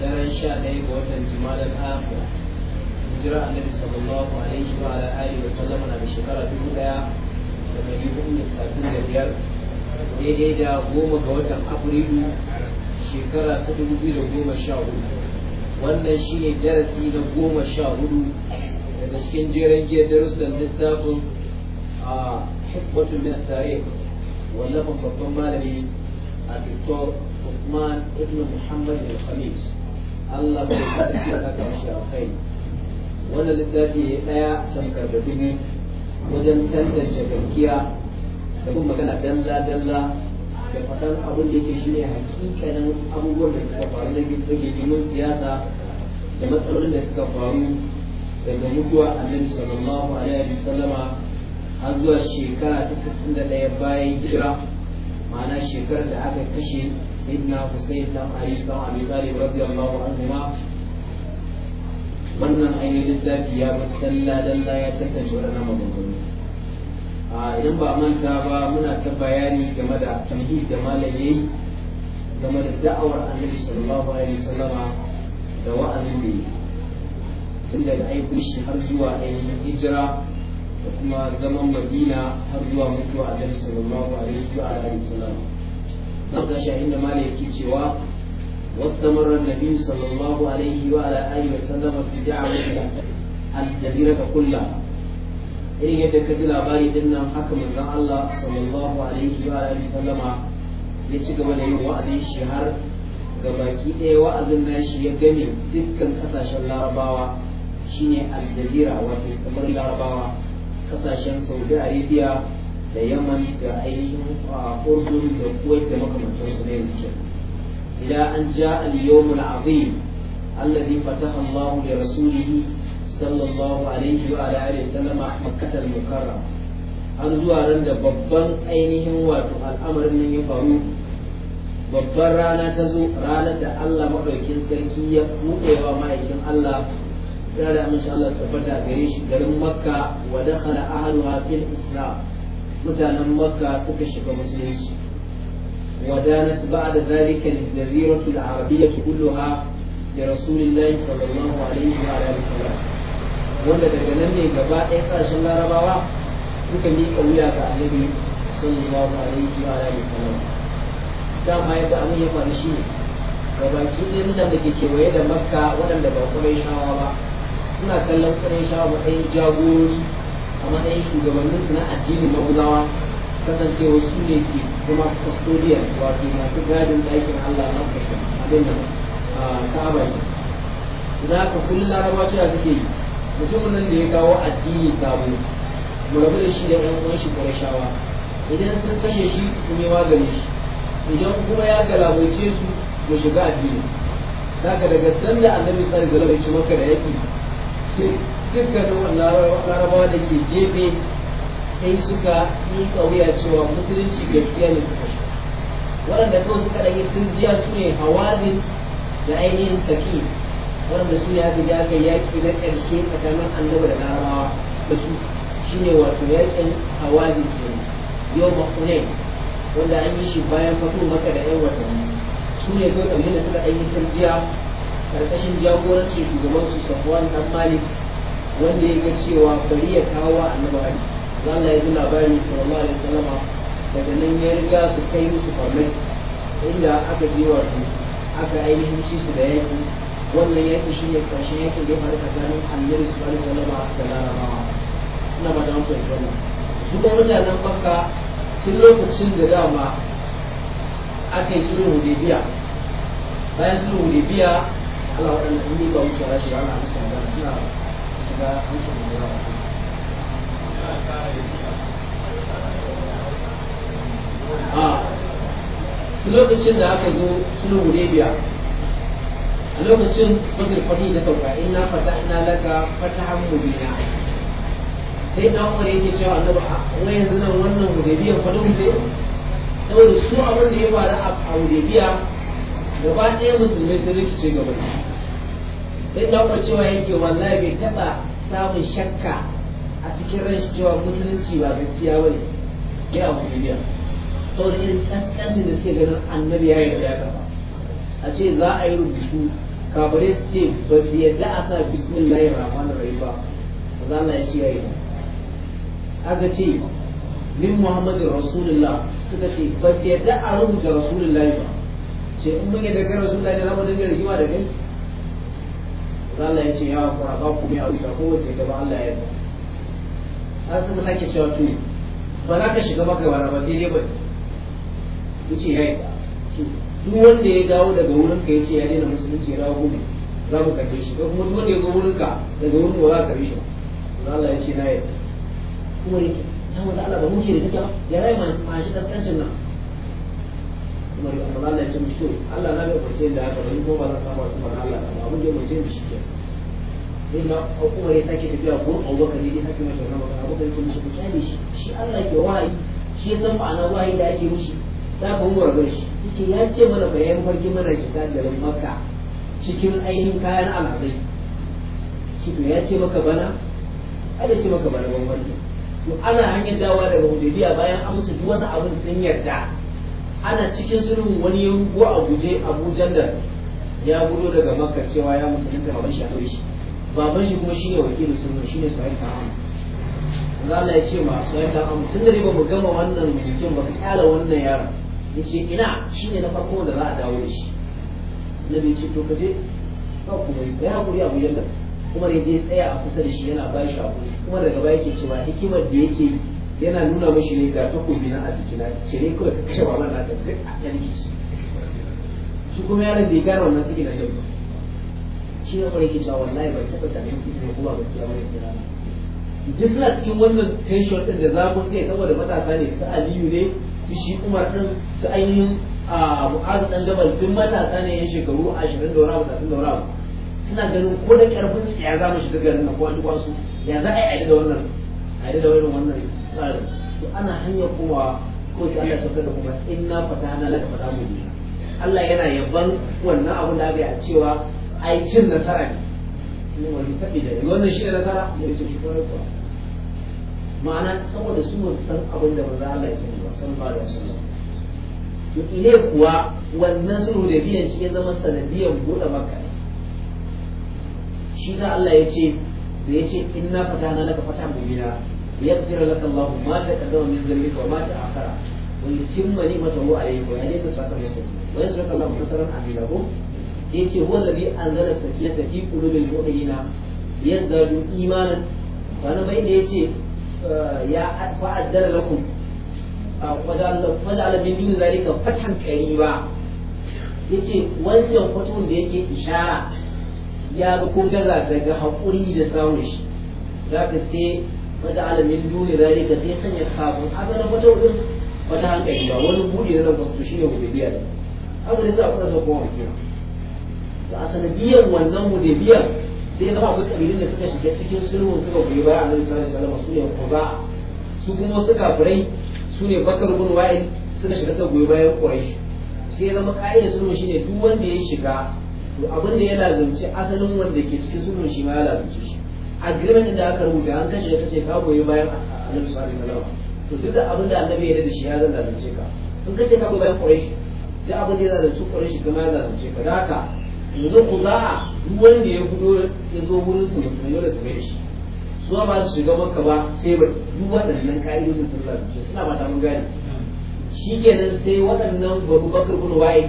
daren sha ɗaya ga watan jimalar akhir hijira annabi sallallahu alaihi wa ala alihi wa sallama na da shekara dubu ɗaya da ɗari hudu da talatin da biyar daidai da goma ga watan afrilu shekara ta dubu biyu da goma sha hudu wannan shi ne darasi na goma sha hudu daga cikin jeren jiya darussan littafin a hikmatun min tarikh wallafin babban malami a Usman ibn Muhammad al-Khamis Allah bai kasance saka mishi alkhairi wannan littafi ya daya tamkar da ne wajen tantance gaskiya da kuma magana dalla dalla da faɗan abin da yake shi ne hakikanin abubuwan da suka faru na rigimin siyasa da matsalolin da suka faru daga mutuwa annabi sallallahu alaihi wasallama har zuwa shekara ta 61 bayan hijira ma'ana shekarar da aka kashe sayyidina Hussein dan Ali dan Abi Talib radiyallahu anhuma wannan ainihin littafi ya bi dalla ya tantance waɗannan maganganu a idan ba manta ba muna ta bayani game da tamhid da game da da'awar annabi sallallahu alaihi wasallama da wa'azin da tun daga aikin shi har zuwa ainihin hijira da kuma zaman madina har zuwa mutuwa annabi sallallahu wa za mu tashi inda mala yake cewa واستمر النبي صلى الله عليه وعلى آله وسلم في دعوة الجزيرة كلها إن يتكد الأباري دنا حكم الله صلى الله عليه وعلى آله da يتشك من يوم وعد الشهر baki ɗaya wa'azin nashi ya gane dukkan ƙasashen larabawa shine aljarira wato samar larabawa ƙasashen saudi arabia da yaman da ainihin urdun da kuwait da makamantansu na yanzu ke ila an ja al-yawm al-azim alladhi fataha Allah li rasulihi sallallahu alaihi wa ala alihi sallama makkah al-mukarram an zuwa ran da babban ainihin wato al'amarin nan ya faru babbar rana ta zo ranar da Allah maɗaukin sarki ya buɗe wa ma'aikin Allah ya da amince Allah tabbata gare shi garin Makka wa dakhala ahluha fil Islam mutanen makka suka shiga musulunci wadanat ba'da zalika al-jaziratu al-arabiyyah kulluha da rasulullahi sallallahu alaihi wa alihi wasallam wanda daga nan ne gaba ɗaya ƙarshen larabawa suka miƙa wuya ga annabi sallallahu alaihi wa alihi wasallam dama yadda abin ya faru shi ne gabaki ne mutane da ke kewaye da makka waɗanda ba ƙurai shawa ba suna kallon ƙurai shawa matsayin kuma ɗan shugabannin su na addinin ma'ulawa kasancewa su ne ke kuma custodian wato masu gadin ɗakin Allah na Afirka abin da ta ne za ka kulli laraba cewa suke yi mutumin nan da ya kawo addini sabo mu rabu da shi da ɗan uwan shi shawa idan sun kashe shi su ne magani shi idan kuma ya galabaice su mu shiga addini zaka daga sanda annabi sallallahu alaihi wasallam ya ce maka da yaki sai dukkanin larabawa da ke gefe sai suka yi kauya cewa musulunci gaskiya ne suka shi waɗanda kawai suka ɗanyi jiya su ne hawazin da ainihin tafi waɗanda su ne haka jaka yaƙi na ƙarshe tsakanin annabi da larabawa da su shine wato yaƙin hawazin ke yau makunai wanda an yi shi bayan fatu maka da ƴan watanni su ne kawai ƙabilun da suka ɗanyi tunjiya ƙarƙashin jagorancin shugaban su safuwan ɗan malik wanda ya ga cewa bari ya kawo annabi hari za Allah ya ji labari sallallahu alaihi wasallama daga nan ya riga su kai musu farmai inda aka je su aka ainihin ci su da yaki wannan yaki shi ne ƙarshen yakin da ya faru tsakanin annabi sallallahu alaihi wasallama da larabawa ina ba da an wannan su da mutanen makka tun lokacin da dama aka yi sulhu hudaybiya bayan sulhu biya, Allah waɗanda ni ba mu shara shi ana suna a lokacin da aka zo sulhu hudebiya a lokacin bakir fadi da sauka ina fata ina laga fata hannu bina sai na umar yake cewa na ba a wai yanzu nan wannan hudebiya fadon mu sai saboda su abin da ya faru a hudebiya gaba ɗaya musulmai sun rikice gaba sai na umar cewa yake wallahi bai taɓa samun shakka a cikin rashin cewa musulunci ba gaskiya ba ne ya abu duniya saboda yin tsantsancin da suke ganin annabi ya yi da kafa a ce za a yi rubutu kabare su ce ba su yadda a sa bismillahir da rai ba ba za Allah ya ce ya yi ga ce min Muhammadu rasulullah suka ce ba su yadda a rubuta rasulullah ba ce in mun yadda kai rasulullahi ne za mu rigima da kai Allah ya ce ya wa ba ku biya wuta ko sai gaba Allah ya har suka sake cewa tuni ba za ka shiga maka wara ba sai dai ba yace ya yi duk wanda ya dawo daga wurin ka ya ce ya daina musulunci ya dawo gobe za mu karbe shi kuma duk wanda ya ga wurin ka daga wurin ka ba za ka karbe shi ba Allah ya ce na yi kuma ne ya wanda Allah ba muke da duka ya rai ma shi kaskancin nan kuma Allah ya ce mishi Allah na ga kwace da haka ne ko ba za samu wasu mana Allah ba abin da mace mishi ke sai na Umar ya sake tafiya ko Abubakar ne ya sake masa wannan magana Abubakar ya ce mishi ku kyale shi shi Allah ke wahayi shi ya san ma'ana wahayi da ake mishi da ka umar bar shi yace ya ce mana bayan farki mana shiga da Makka cikin ainihin kayan al'adai shi to ya ce maka bana ai ce maka bana ban wani to ana hanyar dawa daga Hudaybiya bayan amsa duk wani abin sun yarda ana cikin sulhu wani ya rugo a guje Abu da ya gudo daga Makka cewa ya musulunta baban shi aure shi baban shi kuma shine wakilin sulhu shine Suhaib Ta'am Allah ya ce ma Suhaib Ta'am tun da ba mu gama wannan bikin ba ka kyala wannan yaron yace ina shine na farko da za a dawo da shi Nabi ce to kaje ba kuma ya hakuri Abu da kuma ne je tsaya a kusa da shi yana ba shi hakuri kuma daga baya yake cewa hikimar da yake yi yana nuna mashi ne ga takobi na a jikina cire kawai ka kashe wannan da duk a yanki su shi kuma yaron bai gane wannan suke na yau ba shi ne kawai ke cewa wallahi bai taɓa tare da su ne kuma gaskiya wani sai rana duk suna cikin wannan tension ɗin da zafin kai saboda matasa ne su aliyu ne su shi umar ɗin su ainihin a buƙatar ɗan gabas duk matasa ne yan shekaru ashirin da wani abu talatin da wani abu suna ganin ko da ƙarfin ya za mu shiga garin nan ko an ya za a yi aida da wannan a da wannan tsarin to ana hanyar kowa ko sai Allah ya da kuma inna fatahna laka fatahan mubina Allah yana yaban wannan abu da bai a cewa ai cin nasara ne ne wani tabi da wannan shi ne nasara ne ce shi ko kuwa ma'ana saboda su ba san abin da manzo Allah ya sani ba san ba da sallallahu to ile kuwa wannan sulhu da biyan shi ya zama sanadiyan bude makka shi da Allah ya ce da ya ce inna fatahna laka fatahan mubina ليغفر لك الله ما تقدم من ذنبك وما تأخر ويتم نعمته عليك ويهديك صراطا مستقيما ويسرك الله نصرا عبيده يتي هو الذي أنزل السكينة في قلوب المؤمنين ليزدادوا إيمانا فأنا ما يتي يا فأعدل لكم وجعل من دون ذلك فتحا قريبا yace wannan fatun da yake ishara ya ga kun gaza daga haƙuri da samun shi za ka sai da وجعل من دون ذلك سيسن يخافون هذا لو وتوئن وتهان كيما ونبودي لنا فسوشين وبيبيا هذا لسا أقصى سوكوان كيما فأصلا بيا ونزم ودبيا sai zama akwai kabilun da suka shiga cikin sulhun suka goyi baya annabi sallallahu alaihi wasallam su ne kuza su kuma wasu kafirai su ne bakar bin Wain suka shiga suka goyi bayan quraish sai zama ka'idar sulhun shine duk wanda ya shiga to abin da ya lazumci asalin wanda ke cikin sulhun shi ma ya lazumci shi agreement da aka rubuta an kashe ka ce ka goyi bayan annabi sallallahu alaihi wasallam to duk da abin da annabi ya da shi ya zan zalunce ka in kace ka goyi bayan quraish duk abin da ya zalunce quraish kuma ya zalunce ka da haka yanzu ku za a duk wanda ya gudo ya zo wurin su musulmi da su gaida shi su ba su shiga makka ba sai ba duk waɗannan ka'idojin sun zalunce suna ba ta mun gane shi kenan sai waɗannan babu bakar bin waye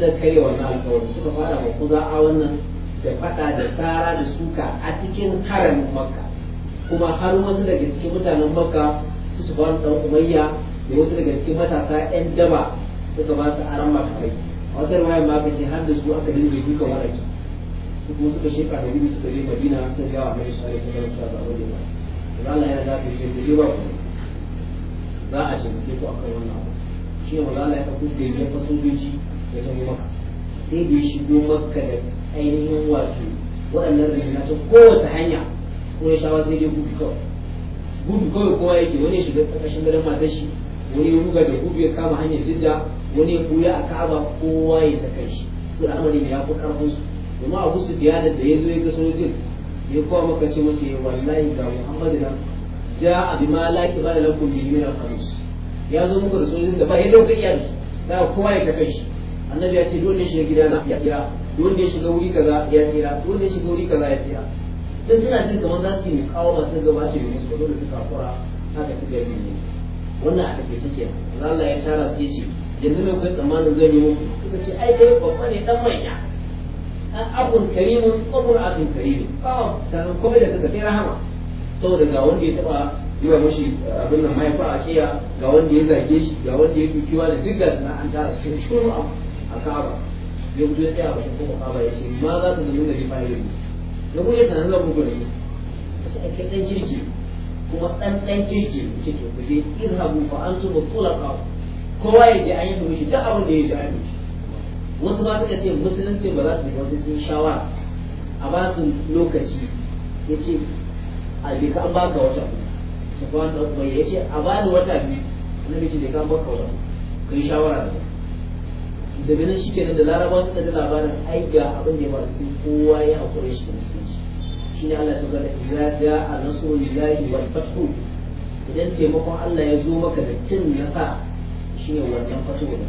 suka karya wannan alƙawarin suka fara ma ku za a wannan da faɗa da tsara da suka a cikin haramin makka kuma har wasu daga cikin mutanen makka su su ban dan umayya da wasu daga cikin matasa yan daba suka ba su aran makarai a wata ruwaya ma kace har da su aka dinga duka waraki kuma suka shefa da ribi suka je madina sun ga wa mai sallai sai ga ba wani ba Allah ya zafi ce ku je ba ku za a ce ku akan wannan abu shi ne Allah ya faɗi da ya fasojoji da ta maka sai da ya shigo makka da ainihin wato waɗannan rihina ta kowace hanya ko ya shawa sai dai gudu kawai gudu kawai kowa yake wani ya shiga ƙarƙashin gadon matar shi wani ya ruga da gudu ya kama hanyar jidda wani ya buya a kaba kowa ya ta kai shi su da amari ne ya fi ƙarfin su domin abu su biya da ya zo ya ga sojin ya kowa maka ce masu yi eh, wallahi ga muhammadu nan ja a bi ma laƙi ba da lakon miliyan hamsin ya zo muka da sojin da ba ya ɗauka iya da su da kowa ya ta kai shi annabi ya ce dole shi ya gida na ya wanda ya shiga wuri kaza ya tsira wanda ya shiga wuri kaza ya tsira sai suna jin kamar za su yi kawo masu gaba ce ne dole su kafura haka su gari ne wannan a take cike lalla ya tara su ce. yanzu mai kai tsammanin zai nemo suka ce ai kai babba ne dan manya an abun karimin abun abun karimin ba ta kome da kaga sai rahama saboda ga wanda ya taba zuwa mashi eh, abin nan mahaifa a kiya ga wanda ya zage shi ga wanda ya kiwa da duk suna an tara su shi kuma a kaba ya ya tsaya bakin kuma kaba ya ce ma za ta nuna bi fare ni da kuma yadda nan zan muku ne su ake ɗan jirgi kuma dan dan jirgi ce to ku je irhabu fa kula tulaqa kowa ya je an yi mishi duk abin da ya ji an mishi wasu ba suka ce musulunci ba za su yi wasu sun shawara a ba su lokaci ya ce a je ka an baka wata su ba ta ya ce a ba ni wata biyu na ce je ka an baka wata ka yi shawara da da nan shi kenan da laraba suka ji labarin ai ga abin da ya faru kowa ya haƙura shi da musulunci shi ne Allah ya saba da idza ja'a nasrullahi wal fathu idan taimakon Allah ya zo maka da cin nasa shi ne wannan fatuwa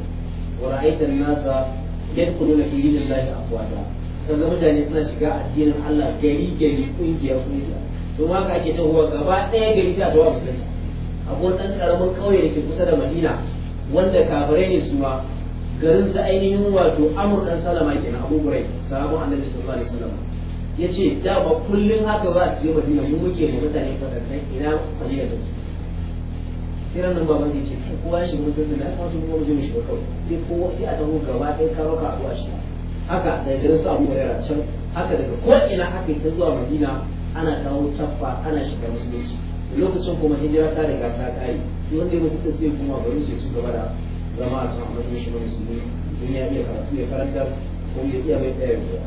wa ra'aitan nasa yadkhuluna fi dinillahi afwaja kaga mutane suna shiga addinin Allah gari gari kungiya kungiya to haka ake tahowa gaba ɗaya gari ta tawa musulunci akwai ɗan ƙaramin ƙauye da ke kusa da Madina wanda kafirai ne su ma garin sa ainihin wato amur dan salama kenan abu gurai sahabon annabi sallallahu alaihi wasallam yace da ba kullun haka ba je madina mu muke da mutane fadantan ina madina da sai ran nan baban sai ce kowa shi mun san da ta wato mu mu shiga kawai sai ko sai a taho gaba ɗaya karo ka a shi haka da garin sa abu gurai can haka daga ko ina haka ta zuwa madina ana kawo caffa ana shiga musulunci lokacin kuma hijira ta riga ta kare wanda ya mutu sai kuma bari su ci gaba da zama a can shi in ya karatu ya karantar ko ya iya mai ɗaya ya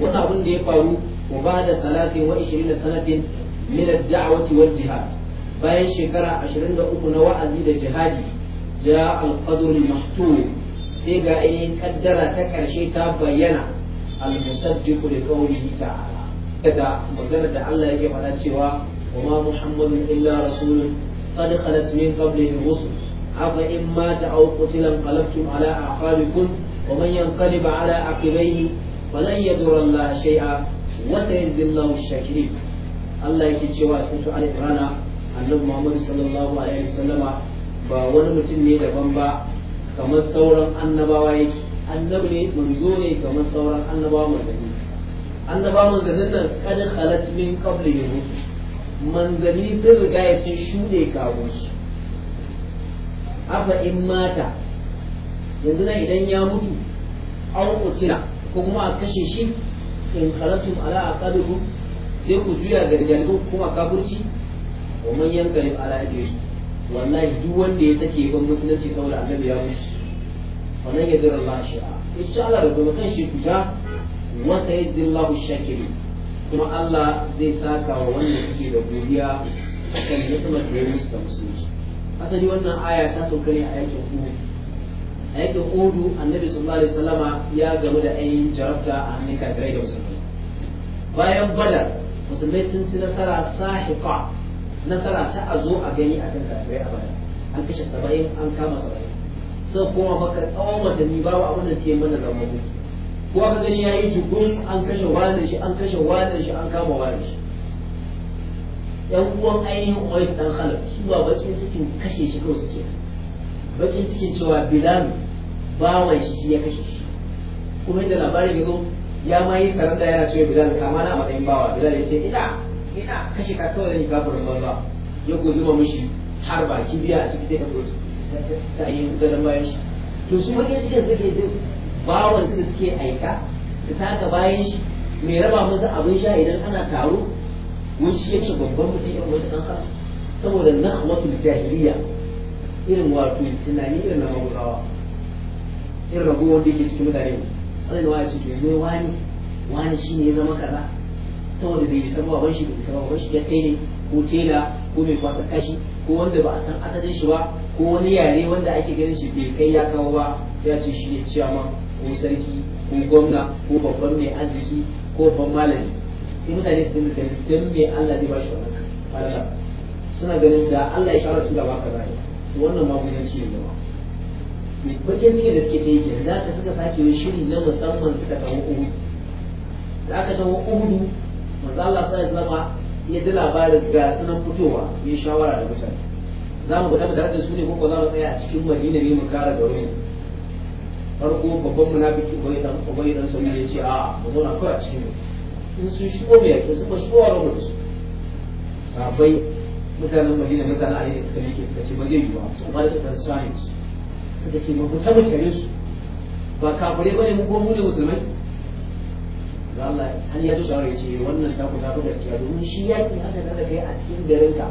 wani abin da ya faru ko ba da talatin wa ishirin da sanatin min ad-da'wati jihad bayan shekara uku na wa'azi da jihadi ja al-qadr sai ga ainihin kaddara ta karshe ta bayyana al-musaddiqu li qawlihi ta'ala kada magana da Allah yake faɗa cewa wa ma muhammadun illa rasulun qad khalat min qablihi rusul أفإن مات أو قتل انقلبتم على أعقابكم ومن ينقلب على عقبيه فلن يضر الله شيئا وسيجزي الله الشاكرين cewa sun su alƙurana annabi Muhammad sallallahu alaihi wasallama ba wani annabi kamar sauran manzanni nan kad khalat min manzanni sun riga ya sun shuɗe kafin afa in mata yanzu nan idan ya mutu an qutila ko kuma a kashe shi in qalatum ala a aqabikum sai ku juya ga rijalku kuma kaburci wa man yankari ala idris wallahi duk wanda ya take ban musulunci saboda annabi ya mutu wannan ya zira Allah a insha Allah da kuma kan shi kuta wa sayyidillahu shakiri kuma Allah zai saka wa wanda yake da godiya kan hikimar da ya musu asali wannan aya ta sauka ne a yakin uhud a yakin uhud annabi sallallahu alaihi wasallama ya gamu da ainihin jarabta a hannun kafirai da musulmai bayan badar musulmai sun ci nasara sahiqa nasara ta a zo a gani a kan kafirai a badar an kashe saba'in an kama saba'in sai kuma maka tsawon watanni babu abin da suke mana zama ko aka gani ya yi jukun an kashe wadanshi an kashe wani an kama wadanshi. yan uwan ainihin oil ɗan halar, su ba bakin cikin kashe shi kawai suke bakin cikin cewa bilal bawan shi ya kashe shi kuma inda labarin ya zo ya ma yi da yana cewa bilal kama na matsayin bawa bilal ya ce ina ina kashe ka kawai zan yi banza ya gozi ma mushi har ba kibiya a ciki sai ka gozi ta yi zanen bayan shi to su bakin cikin suke jin bawan su da suke aika su taka bayan shi mai raba musu abin sha idan ana taro mun shi yake babban mutum yan wasu ɗan kasa saboda nahwatul jahiliya irin wato tunani irin na mawurawa irin rago wanda yake cikin mutane sai wa ce yanzu wani wani ne ya zama kaza saboda bai san baban shi bai san baban shi ya kai ne ko tela ko mai kwasa kashi ko wanda ba a san asalin shi ba ko wani yare wanda ake ganin shi bai kai ya kawo ba sai ya ce shi ne ciyama ko sarki ko gwamna ko babban mai arziki ko babban malami sai mutane su dinga ganin dan me Allah zai ba shi wannan fara suna ganin da Allah ya shawara su da baka rai wannan magunanci ne zama bakin ciki da suke ta yi kenan za ka suka sake yi shiri na musamman suka tawo uhudu da aka tawo uhudu manzo Allah sai zama ya ji labarin ga sunan fitowa ya shawara da mutane za mu gudanar da su ne ko za mu tsaya a cikin madina ne mu kara da ne farko babban munafiki bai dan bai dan sauri ya ce a mu zauna kawai a cikin in sun shigo mai yaƙi su ba shigo a da su sabai mutanen madina mutanen alayhi suka yake suka ce ba yiwuwa su ba da kan sani suka ce ba ku taɓa su ba kafare ba ne mu ko mu ne musulmai da Allah an ya tusa ya ce wannan ta ku ta fi gaskiya domin shi ce aka tada kai a cikin garinka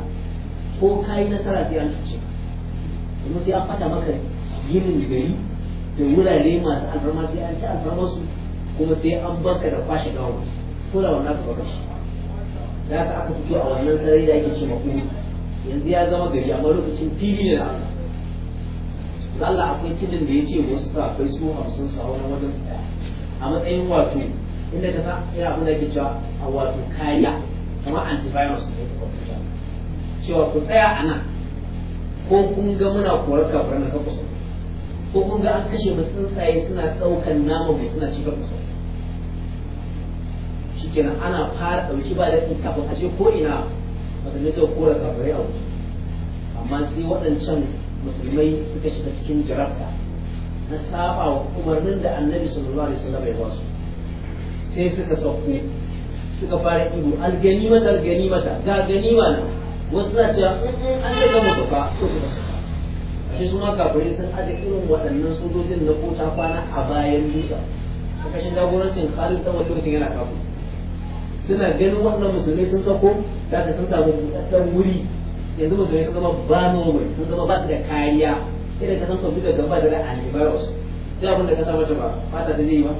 ko kai nasara sai an cuce ka domin sai an fata maka ginin gari da wurare masu alfarma sai an ci su kuma sai an baka da kwashe gawar. tura wannan gaba da shi da haka aka fito a wannan sarari da ake ce ma yanzu ya zama gari amma lokacin fili ne na. Allah akwai tudun da ya ce wasu sa akwai su hamsin sa wani wajen su a matsayin wato inda ka sa ina abin da ke cewa a wato kariya kamar antivirus ne ka kwamfuta cewa ku tsaya a nan ko kun ga muna korar kafiran na kusa, ko kun ga an kashe mu tsuntsaye suna ɗaukan nama mai suna ci kakusa shikenan ana fara ɗauki ba daɗi kafin a ko ina musulmi sai kora kafirai a wuce amma sai waɗancan musulmai suka shiga cikin jirafta na saba wa umarnin da annabi sallallahu alaihi wasallam ya ba su sai suka sauko suka fara ihu algani mata ga ganima na wasu na cewa mm, mm, an daga musu ba ko suka suka shi suna ma kafirai sun aje irin waɗannan sojojin na kota kwana a bayan dutsen kashin jagorancin khalid tsawon lokacin yana kafin suna ganin wannan musulmai sun sako za ka san samu buɗaɗɗen wuri yanzu musulmai sun zama ba normal sun zama ba su da kariya idan ka san kwamfutar gaba da wasu sai abin da ka sa mata ba fata da zai ba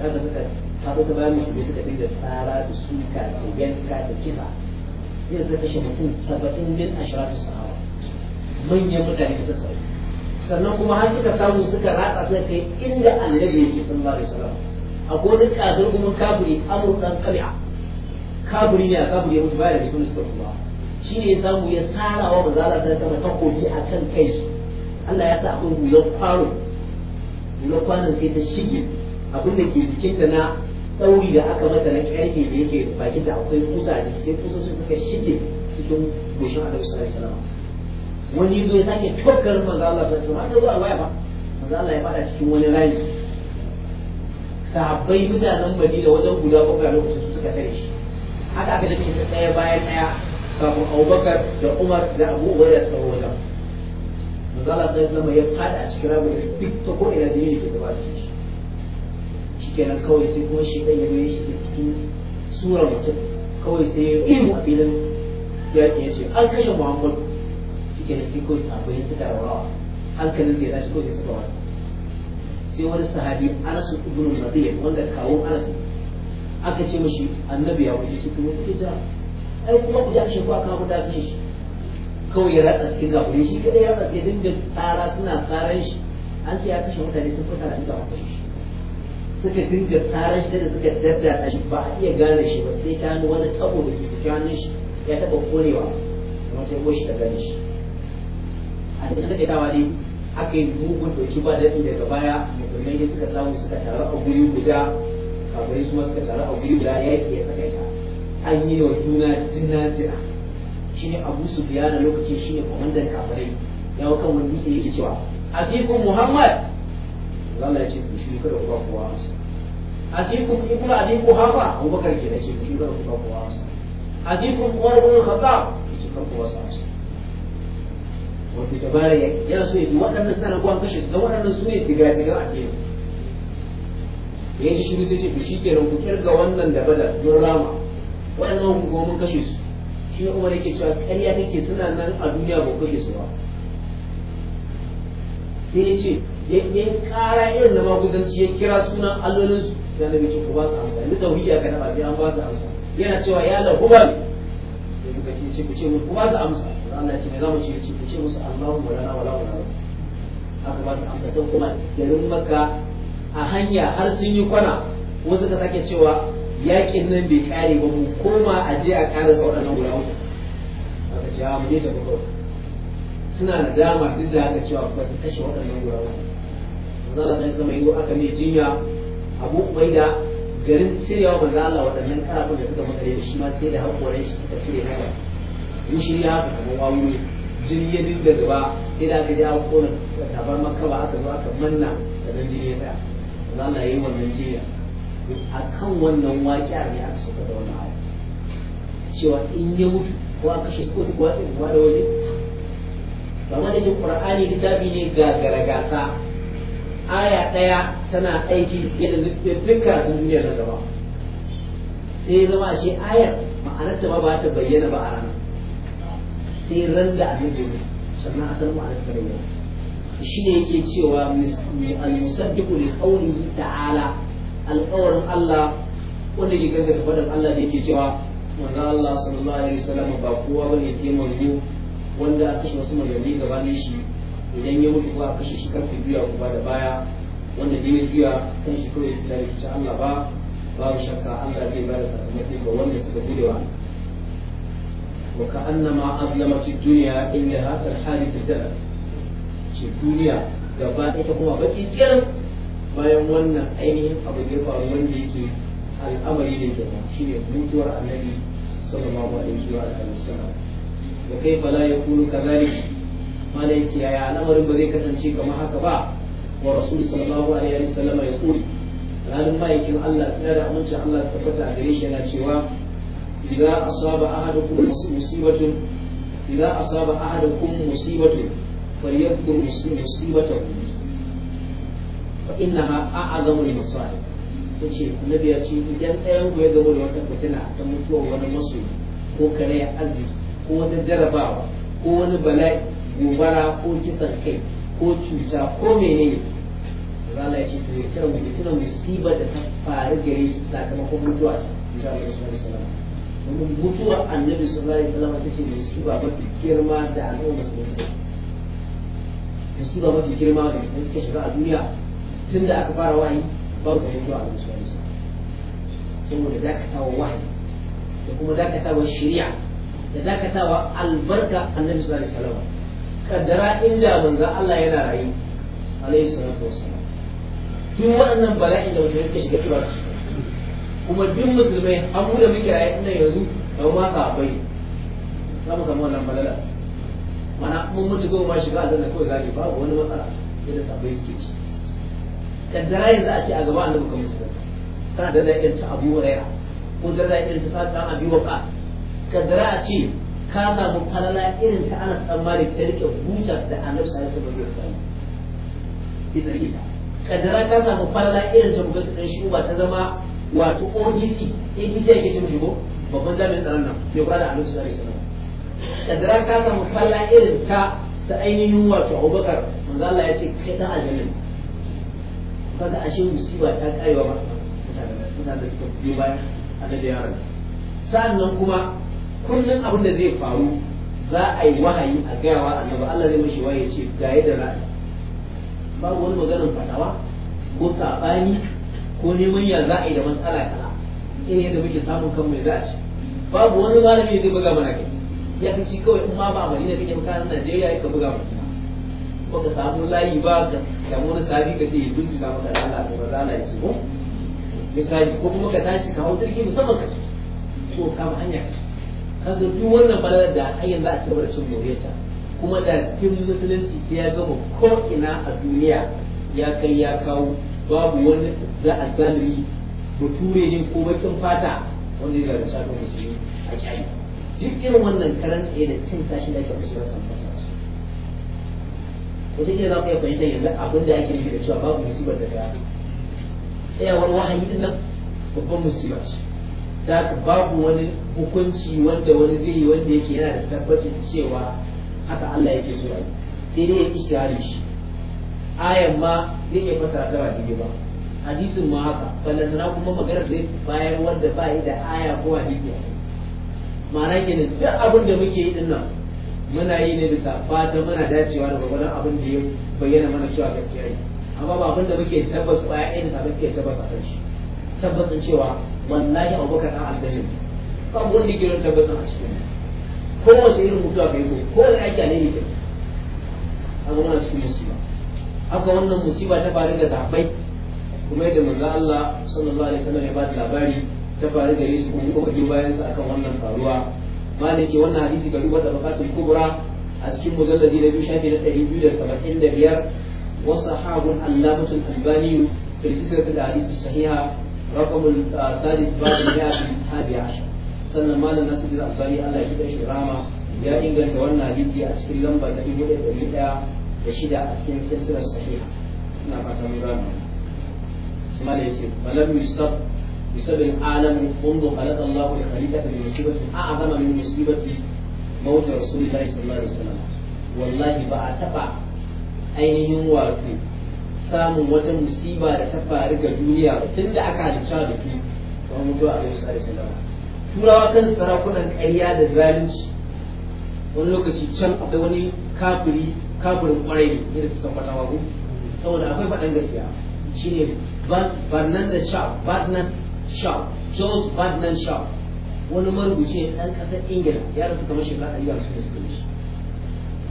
ta ka suka taɓo ta bayan musulmai suka da tsara da suka da yanka da kisa sai suka kashe mutum saba'in min da sahawa manyan mutane da sauri sannan kuma har kika samu suka ratsa suka kai inda annabi yake ba da wasallam a wani kazar kuma kafiri amur dan kabi'a kaburi ne a kaburi ya mutu baya da cikin sukurullah shi ne ya samu ya tsara wa mazala Allah sai kama takobi a kan kai su Allah ya sa akwai hular kwano hular kwanon sai ta shige abin da ke jikinta na tsauri da aka mata na karfe da yake bakinta akwai kusa da sai kusa su suka shige cikin goshin Annabi sallallahu alaihi wasallam wani zo ya sake tokar maza Allah sallallahu alaihi wasallam har zuwa waya ba maza Allah ya fada cikin wani rami sahabbai mutanen Madina wajen guda bakwai lokacin su suka tare shi haka aka jike su ɗaya bayan ɗaya kafin abubakar da umar da abu uwai da sauran wajen manzala sai zama ya fada a cikin rabu duk ta ko ina jini da ke gaba da shi kenan kawai sai kuma shi ɗaya ya shi da cikin sura mutum kawai sai ya yi a filin yaƙi ya ce an kashe muhammadu kenan sai kawai sahabbai suka rawa hankalin zai ya tashi kawai suka wani sai wani sahabi anasu ibnu madiyya wanda kawo anasu aka ce mashi annabi ya wuce shi kuma kuke jira ai kuma ku ji ko aka haku dace shi kawai ya ratsa cikin zakuri shi kada ya ratsa ya dinga tsara suna tsaran shi an ce ya kashe mutane sun fi a cikin wani shi suka dinga tsaran shi da suka dadda shi ba a iya gane shi ba sai ta hannu wani tabo da ke tafi hannun shi ya taɓa korewa kuma sai ko shi ta gane shi a cikin taƙaitawa ne aka yi mugun doki ba daɗi daga baya musulmai suka samu suka taru a guri guda kafirai su suka taru a guri guda yaki ya tsakaita an yi wa juna jina jina shi ne abu su biya na lokacin shi ne kwamandan kafirai ya wakan wani dutse yake cewa afikun muhammad Allah ya ce ku shi kada ku ba kowa masa afikun ibn abi kuhafa abubakar ke da ce ku shi kada ku ba kowa masa afikun umar ibn khattab ya ce kada ku wasa masa wanda dabara ya so ya ji waɗannan sanarwa kashe su da waɗannan su ne tiga-tiga a jeri ya yi shiru ta ce ku shi kenan ku kirga wannan da bada don rama waɗannan hukumo mun kashe su shi umar yake cewa ƙarya take suna nan a duniya ba kashe su ba sai ya ce ya ƙara irin na magudanci ya kira sunan allolin su sai na bikin ku ba su amsa ni tauhiyya kana ba sai an ba su amsa yana cewa ya lahuban da suka ce ku ce ku ba su amsa Allah ce me za mu ce ku ce musu Allahu wala wala wala haka ba su amsa sai kuma garin maka a hanya har sun yi kwana wasu suka sake cewa yakin nan bai kare ba mu koma a je a ƙara sauran guda uku aka ce mu ne ta bakwai suna da dama duk da haka cewa ba su kashe waɗannan guda uku manzo Allah sai sama yiwo aka mai jinya Abu Ubaida garin cirewa manzo Allah waɗannan karafin da suka makare shi ma sai da hakoran shi suka cire haka in shi ya haka kamar wawu jirgin jini ya dinga gaba sai da aka ja kona tabar makaba aka zo aka manna sannan jini ya tsaya da Allah yayi wannan jiya akan wannan waƙiya ne aka saka da wannan abu cewa in ya mutu ko aka shi ko su gwatsi kuma da waje kamar da jin qur'ani littafi ne ga garagasa aya ɗaya tana aiki yadda a duniyar na gaba sai zama shi ayar ma'anarta ba ba ta bayyana ba a ranar sai ran da abin jirgin a san ma'anarta bayyana shi ne yake cewa al-musaddiqu li qawlihi ta'ala alƙawarin Allah wanda ke gaggata faɗin Allah da yake cewa manzo Allah sallallahu alaihi wasallam ba kowa bane sai manzo wanda aka kashe wasu manzanni gabanin shi idan ya mutu ko a kashe shi karfe biyu a kuma da baya wanda dai biya kan shi kawai su tare ta Allah ba babu shakka Allah zai bada sakamako ga wanda suka gode wa وكأنما أظلمت الدنيا إلا هذا الحادث الدرس ce duniya gaba ɗaya ta kuma baki kiran bayan wannan ainihin abu ya faru wanda yake al'amari da ke shine mutuwar annabi sallallahu alaihi wa sallam wa ka la yakunu kadhalik malai yace yaya al'amarin ba zai kasance kamar haka ba wa rasul sallallahu alaihi wa sallam ya kuri ranar ma'aikin Allah ya da amince Allah ta tabbata a gare shi yana cewa idan asaba ahadukum musibatun idza asaba ahadukum musibatun وليذكر مصيبته فإنها أعظم لمصائب yace annabi ya ce idan ɗayan ku ya gama da wata fitina ta mutuwa wani masoyi ko kare ya arziki ko wani jarabawa ko wani bala'i gobara ko kisan kai ko cuta ko menene Allah ya ce to ya tsara mutum tana musiba da ta faru gare shi sakamakon mutuwa ta Allah ya sallama domin mutuwar annabi sallallahu alaihi wasallam ta ce musiba mafi girma da al'ummar musulmi da su musiba mafi girma da sun suka shiga a duniya tun da aka fara wahayi babu ta yanzu a musulunci saboda dakatawa wahayi da kuma dakatawa shari'a da dakatawa albarka annabi sallallahu alaihi wasallam kaddara inda manzo Allah yana rayu alaihi salatu wasallam duk waɗannan bala'in da musulmai suka shiga kibar kuma duk musulmai an mu da muke rayu ina yanzu da ma sahabbai za mu samu wannan balala mana mun mutu goma ma shiga da kawai gani ba wani matsala da sabai suke ci kaddara yanzu a ce a gaba annabi kamar su kana da lafiyar ta abu huraira ko da lafiyar ta a abi waqas kaddara a ce ka samu falala irin ta ana san mali ta rike butar da annabi sallallahu alaihi wasallam ita ita kaddara ka samu falala irin ta da shi ba ta zama wato OGC ya ke ce mu shigo babban jami'in tsaron nan ya bada annabi sallallahu alaihi kadara ka samu falla irin ta sa ainihin wato abubakar manzo Allah ya ce kai dan aljanna kaga ashe musiba ta kaiwa ba mutane da suka biyo bayan annabi ya rabu sannan kuma kullum abin da zai faru za a yi wahayi a wa annabi Allah zai mishi wahayi ce ga yadda ra'ayi babu wani maganar fatawa ko sabani ko neman ya za a yi da matsala kala Ina yadda muke samun kanmu ya za a ci babu wani malami zai buga mana kai ya fi ci kawai in ma ba madina kake mutanen najeriya ka buga mu ko ka samu layi ba ka samu wani sabi ka ce bincika maka da Allah ko da Allah ya shigo misali ko kuma ka tashi ka hau turki musamman ka ko ka ba hanya kaga duk wannan balar da har yanzu a cigaba da cin moriyarta kuma da kin musulunci sai ya gama ko ina a duniya ya kai ya kawo babu wani za a zanri bature ne ko bakin fata wanda ya ga da shafin musulmi a kyayi duk irin wannan karan tsaye da cin tashi da ake a cikin san fasa su wajen za ku iya fahimta yanzu abin da ake nufi da cewa babu musibar da kaya tsayawar wahayi din nan babban musiba ce da haka babu wani hukunci wanda wani zai yi wanda yake yana da tabbacin cewa haka Allah yake so yi sai dai ya fi shi ayan ma zai iya fasa ta ba dige ba hadisin ma haka balantana kuma maganar zai bayar wanda ba da aya ko hadisi ma'ana kenan duk abin da muke yi din nan muna yi ne bisa fata muna dacewa da babban abin da ya bayyana mana cewa gaskiya ne amma ba abin da muke tabbas ya ɗaya da suke tabbas a kanshi tabbasin cewa wallahi abubakar ɗan aljanna ko abu wanda yake tabbasin a cikin wace irin mutuwa kai ko ko wani aiki a ne a zama na cikin musulma haka wannan musiba ta faru da zaɓai kuma yadda manzo Allah sallallahu alaihi wasallam ya ba da labari ta faru gare kuma kuka bayan su akan wannan faruwa malai ce wannan hadisi ga duba tabaqatul kubra a cikin mujalladi na biyu shafi na ɗari biyu da saba'in da biyar wasu sahabun allamatul albani da hadisi sahiha rakamul ah, sadis babu ya bi hadi sannan malam nasu bin albani Allah ya shi rama ya inganta wannan hadisi a cikin lamba ta dubu ɗari ɗaya da shida a cikin silsilar sahiha ina fata ce, "Malam Yusuf بسبب العالم منذ خلق الله لخليفة بمصيبة أعظم من مصيبة موت رسول الله صلى الله عليه وسلم والله بعتبع ainihin wato samun wata musiba da ta faru ga duniya tun da aka halicci da ke sarakunan ƙarya da zalunci wani lokaci can akwai wani kafiri kafirin kwarai ne da suka faɗa wago saboda akwai faɗan gaskiya shine Barnan da Shah Barnan shaw George Bernard Shaw wani marubuci ne ɗan ƙasar Ingila ya rasu kamar shekara ɗari ba da suka mishi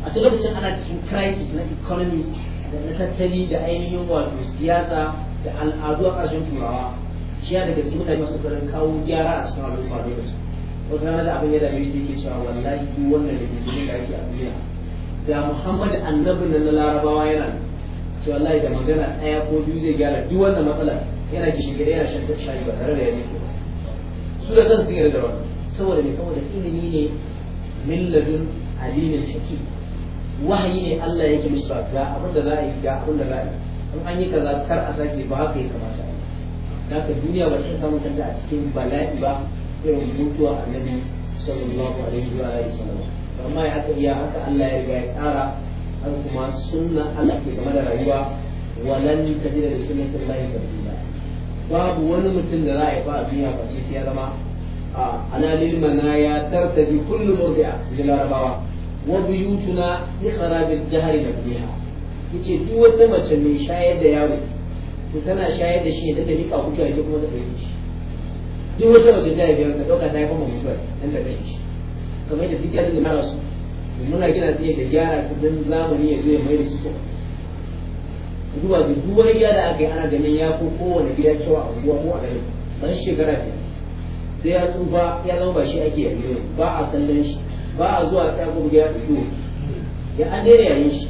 a ta lokacin ana cikin crisis na economy da na tattali da ainihin wato siyasa da al'adu a ƙasashen turawa shi ya daga cikin mutane masu ƙoƙarin kawo gyara a cikin al'umma da su wata rana da abin ya dame shi yake cewa wallahi duk wannan da ke da ake a duniya da Muhammad annabi na Larabawa yana ce wallahi da magana ɗaya ko biyu zai gyara duk wannan matsalar yana gishigire yana shan shayi ba tare da ya ko su da kansu yarda wannan saboda me saboda ilimi ne min ladun alimin hakim wahayi ne Allah yake musu ga abin da za a yi ga abin da za a yi in an yi kaza kar a sake ba haka ya kamata a yi da haka duniya ba ta samun kanta a cikin bala'i ba irin mutuwa a annabi sallallahu alaihi wa alihi wasallam amma ya haka iya haka Allah ya riga ya tsara haka kuma sunna Allah ke game da rayuwa walan tajida li sunnatillahi tabdila babu wani mutum da za a yi ba a duniya face sai ya zama a alalil ya tartaji kullu murdi'a ji larabawa wa buyutuna li kharabil jahri biha yace duk wata mace mai shayar da yaro to tana shayar da shi da nika kuka yake kuma ta kai shi duk wata mace ta yi ta dauka ta yi kuma mutuwa dan da kai shi kamar da duk yadda na rasu muna gina tsaye da gyara ta dan zamani ya zo ya mai da su so zuwa da duwar gida da aka yi ana ganin ya fi kowane gida cewa a unguwa ko a gari ban shekara ke sai ya tsufa ya zama ba shi ake ne ba a kallon shi ba a zuwa ta kuma gida fito ya an daina yayin shi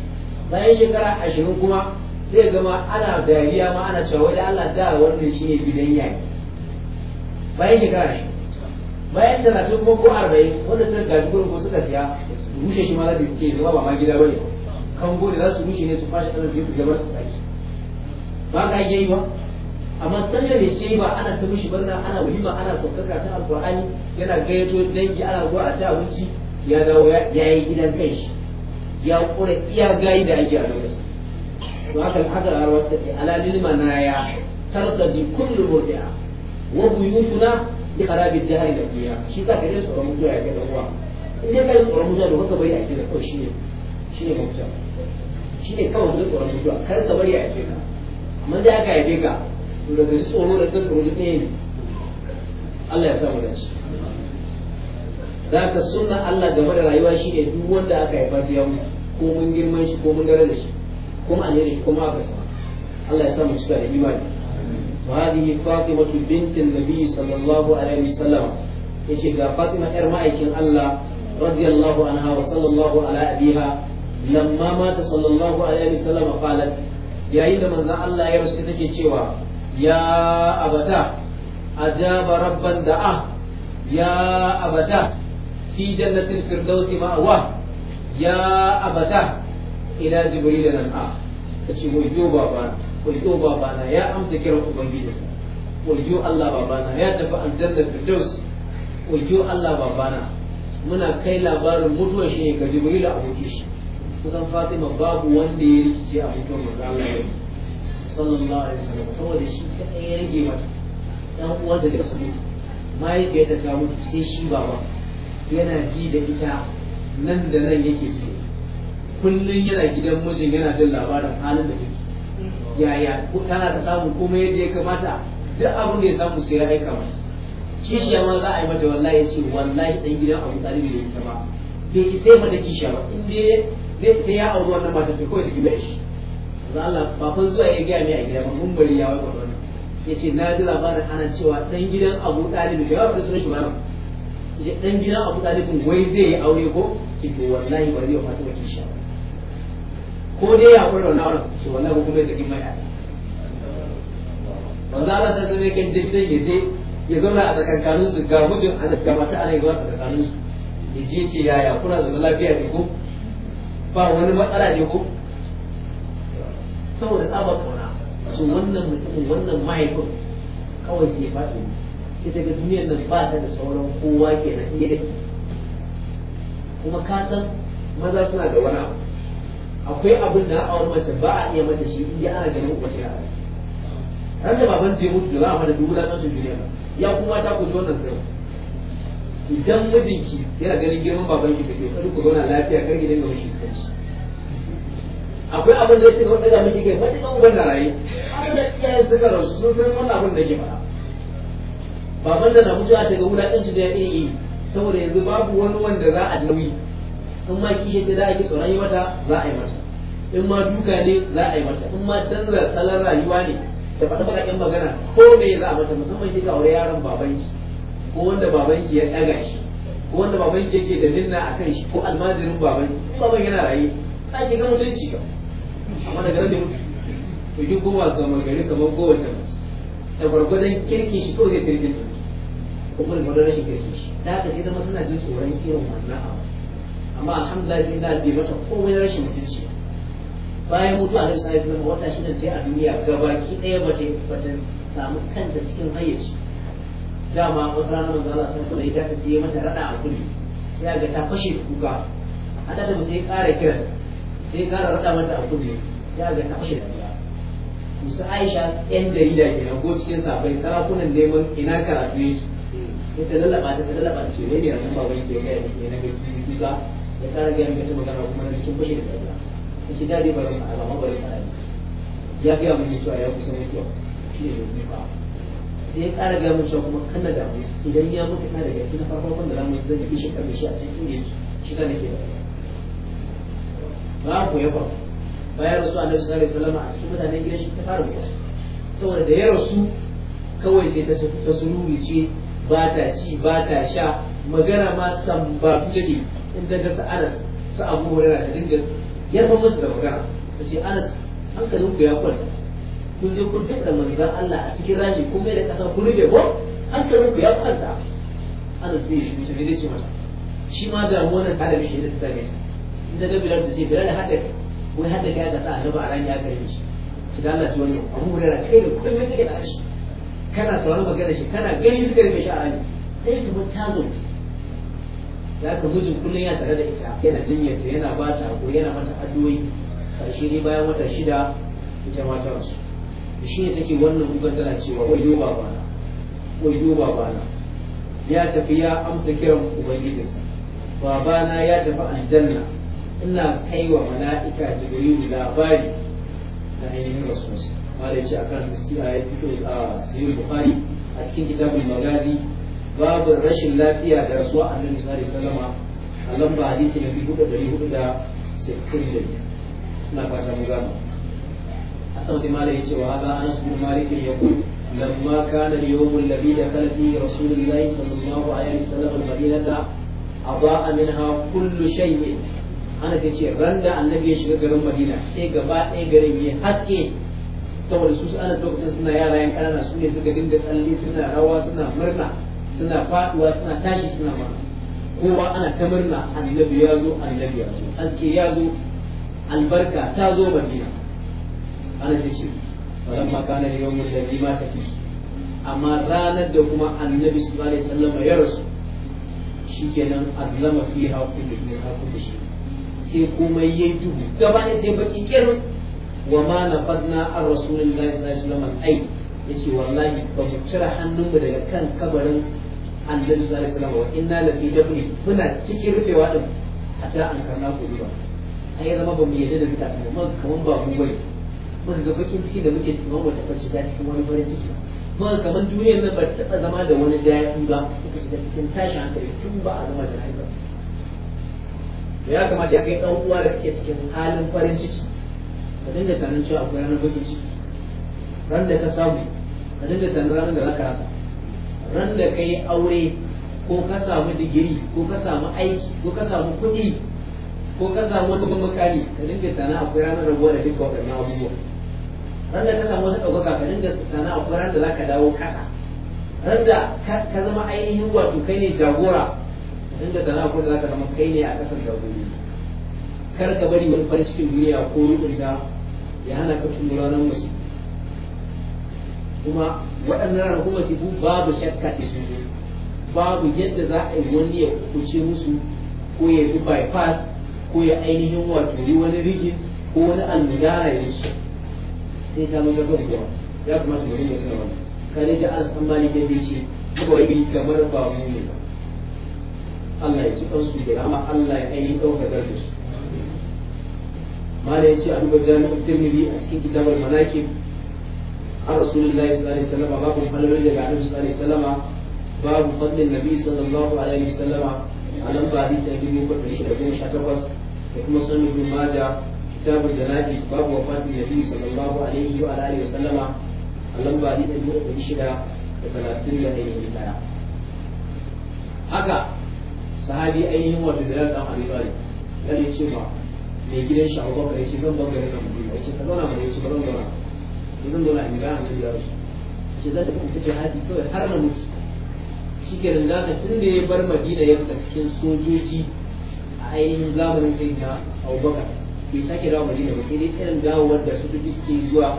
bayan shekara ashirin kuma sai zama ana dariya ma ana cewa wajen Allah da wannan shi ne gidan yayi bayan shekara ne bayan talatin kuma ko arba'in wanda suka gaji gurin ko suka siya rushe shi ma za su ce zama ba ma gida ba ne kan gode za su rushe ne su fashe ɗan su gabar su ba ka iya yi ba amma da shi ba ana ta mishi barna ana walima ana saukaka ta alqur'ani yana gayyato dangi ana zuwa a ci abinci ya dawo ya yi gidan kai shi ya kura iya gayi da ake a lokacin to haka haka arwa ta ce alalil manaya di kullu murdi'a wa buyutuna bi qarabi dahr da dunya shi ka kare tsoron mutuwa ya ga uwa in dai kai tsoron mutuwa da haka bari a ne, ko ne shine shi ne kawai tsoron mutuwa kar ka bari a ka. mun da aka haife ka to daga ji tsoro da ta tsoro duk ɗaya ne Allah ya samu dace zaka sunna Allah game da rayuwa shi ne duk wanda aka haifa sai ya mutu ko mun girman shi ko mun daraja shi ko mun shi ko mun akasa Allah ya samu cika da imani وهذه فاطمة بنت النبي صلى الله عليه وسلم يجي فاطمة إرمائك الله رضي الله عنها وصلى الله على أبيها لما مات صلى الله عليه وسلم قالت yayin da manzan Allah ya rasu take cewa ya abada ajaba rabban da'a ya abada fi jannatin firdausi ma'awa ya abada ila jibril nan a kace yo baba yo baba na ya amsa kiran ko yo Allah baba na ya tafi aljannatil firdaus yo Allah baba na muna kai labarin mutuwar shi ga jibril a hukunci kusan fatima babu wanda ya rikice a mutuwar manzo Allah sallallahu alaihi wasallam saboda shi ta ɗaya rage mata dan uwa da su mutu mahaifiyarta ta mutu sai shi baba yana ji da ita nan da nan yake ce kullum yana gidan mijin yana jin labarin halin da take yaya ko tana ta samu komai yadda ya kamata duk abin da ya samu sai ya aika masa kishiya ma za a yi mata wallahi ya ce wallahi dan gidan abu talibi da ya sama bai isa mata kishiya ba in dai zai sai ya auri wannan matar ta kawai ta gida shi za Allah kafin zuwa ya gaya mai a gida mun bari ya wata wannan ya ce na ji labarin ana cewa dan gidan Abu Talib da yawa sun sunan shi ba ya dan gidan Abu Talib wai zai yi aure ko ki ko eh, wallahi bari ya fata wata shi ko dai ya kula wannan auren to wallahi kuma ya tafi mai a manzo Allah ta zama kan dindin ya je ya zauna a tsakankanin su ga mutum a gaba ta ana yi zuwa tsakanin tsakankanin su ya ce yaya kuna zama lafiya ne ko ba wani matsala ne ko saboda tsabar kauna su wannan mutumin wannan mahaifin kawai sai faɗi ita ga duniyar nan ba ta da sauran kowa ke na iya da kuma ka san maza suna da wani abu akwai abin da a mace ba a iya mata shi inda ana ganin uba shi ran da baban ce mutu da za a mana dubu da kan su duniya ya kuma ta ku wannan sai idan mijinki yana ganin girman babanki da ke kar ku zauna lafiya kar ki dinga mishi iskanci akwai abin da yake daga miki kai wani kan uban da rayi har da iyaye suka rasu sun san wannan abin da yake fara baban da na mutuwa ta ga wulaƙanci da ya yi saboda yanzu babu wani wanda za a nauyi in ma kishi ce za a ki tsoron yi mata za a yi mata in ma duka ne za a yi mata in ma canza salon rayuwa ne da faɗa faɗa magana ko me za a mata musamman ki ga aure yaron babanki ko wanda babanki ya ɗaga shi ko wanda babanki yake da ninna a kan shi ko almajirin baban baban yana raye za ki ga mutunci ka amma daga nan da mutu to kin koma ga gari kamar kowace mace ta gwargwadon kirkin shi ko zai kirkin ta ko kuma da rashin kirkin shi da ka sai zama tana jin tsoron irin wannan abu amma alhamdulillah sai na bai mata komai rashin mutunci bayan mutu a rashin haihuwa wata shida ce a duniya gabaki ɗaya ba ta samu kanta cikin hayyaci dama wasu ranar manzo Allah sun suna ita ta yi mata rada a kulli sai ga ta fashe kuka hada da sai ƙara kiran sai ƙara rada mata a kulli sai ga ta fashe kuka musu Aisha yan jarida ke ko cikin sabai sarakunan neman ina karatu ce ya ta lallaba ta ta lallaba ta ce ne ne ran ba wani ke kai ne na gaci kuka ya ƙara gaya mai ta magana kuma na cikin fashe da kuka shi dadi bari a alama bari ya gaya mai cewa ya kusa kyau shi ne ne ba sai ya ƙara gaya mun cewa kuma kan da idan ya mutu kana daga cikin farko wanda zamu yi zai yi shekar da shi a cikin inda yake shi sa nake da ba ku ya ba bayan rasu annabi sallallahu alaihi wasallam a cikin mutanen gidan shi ta fara mutuwa saboda da ya rasu kawai sai ta ta sururi ce ba ta ci ba ta sha magana ma san ba ku in ta ga sa Anas su Abu Hurairah ta dinga yarfa musu da magana ta ce Anas ku ya kwanta kun je kun taɓa manzan Allah a cikin rami kun mai da ƙasa kun rufe ko an tarin ku ya kwanta ana sai shi mutum ne ce mata shi ma da wannan ta da mishi da ta gaisa in ta ga bilal da sai bilal da haɗa wai haɗa kai ga sa a raba a rami ya kare shi shi da Allah ci wani abu da kai da kullum kake da shi kana tsoron magana shi kana gani da mai sha'ani sai kuma ta zo da ka mijin kullum ya tare da ita yana jinyarta yana ba ta ko yana mata addu'o'i karshe ne bayan wata shida ita ma ta shi ne take wannan kukan tana cewa wayo babana wayo babana ya tafi ya amsa kiran ubangijinsa babana ya tafi aljanna ina kai wa mala'ika jibrilu labari na ainihin rasulunsa ma da ce akan siya ya a sahih bukhari a cikin kitabul magadi babu rashin lafiya da rasuwa annabi sallallahu alaihi wasallama a lamba hadisi na 4465 na fata mu gama sau sai malam yace wa hada anas bin malik yaqul lamma kana al-yawm alladhi dakhala fihi rasulullahi sallallahu alaihi wasallam al-madinata adaa minha kullu shay'in anas yace ran da annabi ya shiga garin madina sai gaba ɗaya garin ya haske saboda su ana lokacin suna yara yan ƙanana su ne suka dinga tsalle suna rawa suna murna suna faduwa suna tashi suna murna kowa ana ta murna annabi ya zo annabi ya zo haske ya zo albarka ta zo madina ana ta ce falan makana da yawon da ma ta fi amma ranar da kuma annabi sallallahu alaihi sallama ya rasu shi shikenan azlama fi haqqi haƙun da shi sai kuma yi duhu gabanin da ya baki kirin wa ma na a rasulun rasulillahi sallallahu alaihi wasallam ai yace wallahi ba mu cire hannunmu daga kan kabarin annabi sallallahu alaihi sallama wa inna da fi dafi muna cikin rufewa din ta an karna ku ba ai zama ba mu yadda da mutane kamar ba mu bai. muka ga bakin ciki da muke cikin mu taɓa shiga cikin wani farin ciki ga kamar duniyar nan ba taɓa zama da wani daɗi ba muka shiga cikin tashi hankali tun ba a zama da haifar ya kamata ya kai ɗan uwa da kake cikin halin farin ciki ka dinga tunanin cewa akwai ranar bakin ciki ran da ka samu ka dinga tunanin ranar da za ka rasa ran da ka yi aure ko ka samu digiri ko ka samu aiki ko ka samu kuɗi ko ka samu wani makami ka dinga tana akwai ranar rabuwa da duka waɗannan abubuwa ran da ka samu wata ɗaukaka ka dinga sana a ran da za ka dawo kasa ran da ka zama ainihin wato kai ne jagora dinga sana kuma da za ka zama kai ne a ƙasar jagori kar ka bari wani farin cikin duniya ko rukunta ya hana ka tun ranar musu kuma waɗannan ranar kuma su babu shakka ta su babu yadda za a yi wani ya kuce musu ko ya bi bypass ko ya ainihin wato yi wani rigin ko wani almudara ya yi sai ta mun yabo da ya kamata mu dinga sanar wannan kare ji an san malike bai ce kawai kamar ba mu ne ba Allah ya ci kansu da amma Allah ya ayi dauka garbi su mala yace a duba jami'in tirmidhi a cikin kitabul manaqib an rasulullahi sallallahu alaihi wasallam babu fadlin daga annabi sallallahu alaihi wasallam babu fadlin nabi sallallahu alaihi wasallam a nan ba hadisi ne ko da shi da kuma sunan ibn majah كتاب الجنائز باب وفاة النبي صلى الله عليه وعلى آله وسلم اللهم بعديس المرء بإشدى وثلاثين لأيه الآية haka sahabi ainihin wato da dan Abi Talib dan ya ce ba mai gidan shi Abu Bakar ya ce zan bangare na mutum ya ce ka zauna mai ya ce ba zan zauna ki zan zauna in ga annabi ya za ta har mutu ya bar Madina ya fita cikin sojoji a ainihin zamanin sai na Abu ke sake dawo madina ba sai dai irin gawar da su duk suke zuwa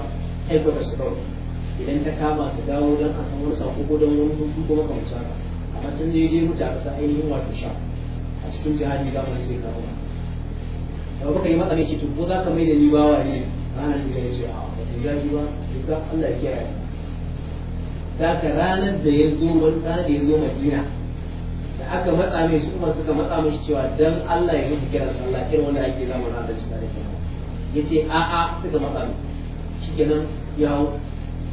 aikata su kawai idan ta kama su dawo don a san wani sako ko don wani hutu ko makamta amma can je je mutu a ƙasa ainihin wato sha a cikin jihadi za mu sai kawo da baka yi matsayin ce to ko za ka mai da ni bawa ne ranar da ya ce a wata jaji ba duka Allah ya kiyaye ta ka ranar da ya zo wani ranar da ya zo madina da aka matsa mai su kuma suka matsa mai cewa dan Allah ya musu kira sallah irin wani ake zamu na da shi da shi yace a a suka matsa mai shikenan ya hau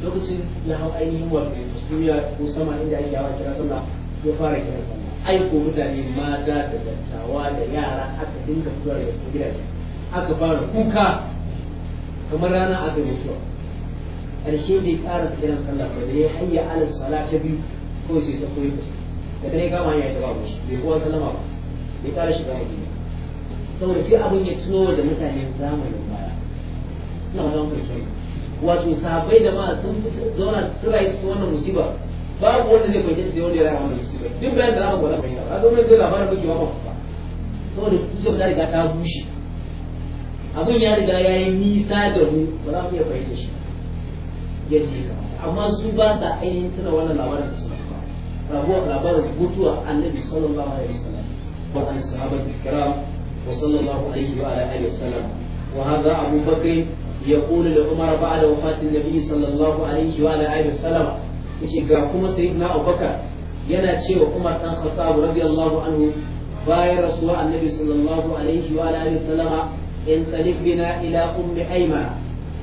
lokacin ya hau ainihin wato ya ko sama inda ake yawa kira sallah ya fara kira sallah ai ko mutane mata da dattawa da yara aka dinga fitowa da su gidaje aka fara kuka kamar rana aka mutuwa ƙarshe bai ƙara kiran sallah ba da ya hayya ala ta biyu ko sai ta koyi da kare kama hanya ta babu shi bai kowa sallama ba bai fara shiga madina saboda sai abin ya tuno da mutane zamanin baya ina wannan kai wato sabai da ma sun zauna su rayu su wannan musiba babu wanda zai fahimci sai wanda ya rayu wannan musiba duk bayan da za mu gwada fahimta ba gwamnati zai labarin kuke ba ba saboda ba ta riga ta bushe abin ya riga ya yi nisa da mu ba za mu iya fahimta shi yadda ya kamata amma su ba sa ainihin tuna wannan labarin su rabuwar labarin mutuwa annabi sallallahu alaihi wasallam wa an sahabatul kiram wa sallallahu alaihi wa ala alihi wasallam wa hadha Abu Bakr yaqulu li Umar ba'da wafatin nabi sallallahu alaihi wa ala alihi wasallam yace ga kuma sayyidina Abu Bakr yana cewa Umar dan Khattab radiyallahu anhu bayan rasuwa annabi sallallahu alaihi wa alihi wasallama in talik bina ila ummi ayman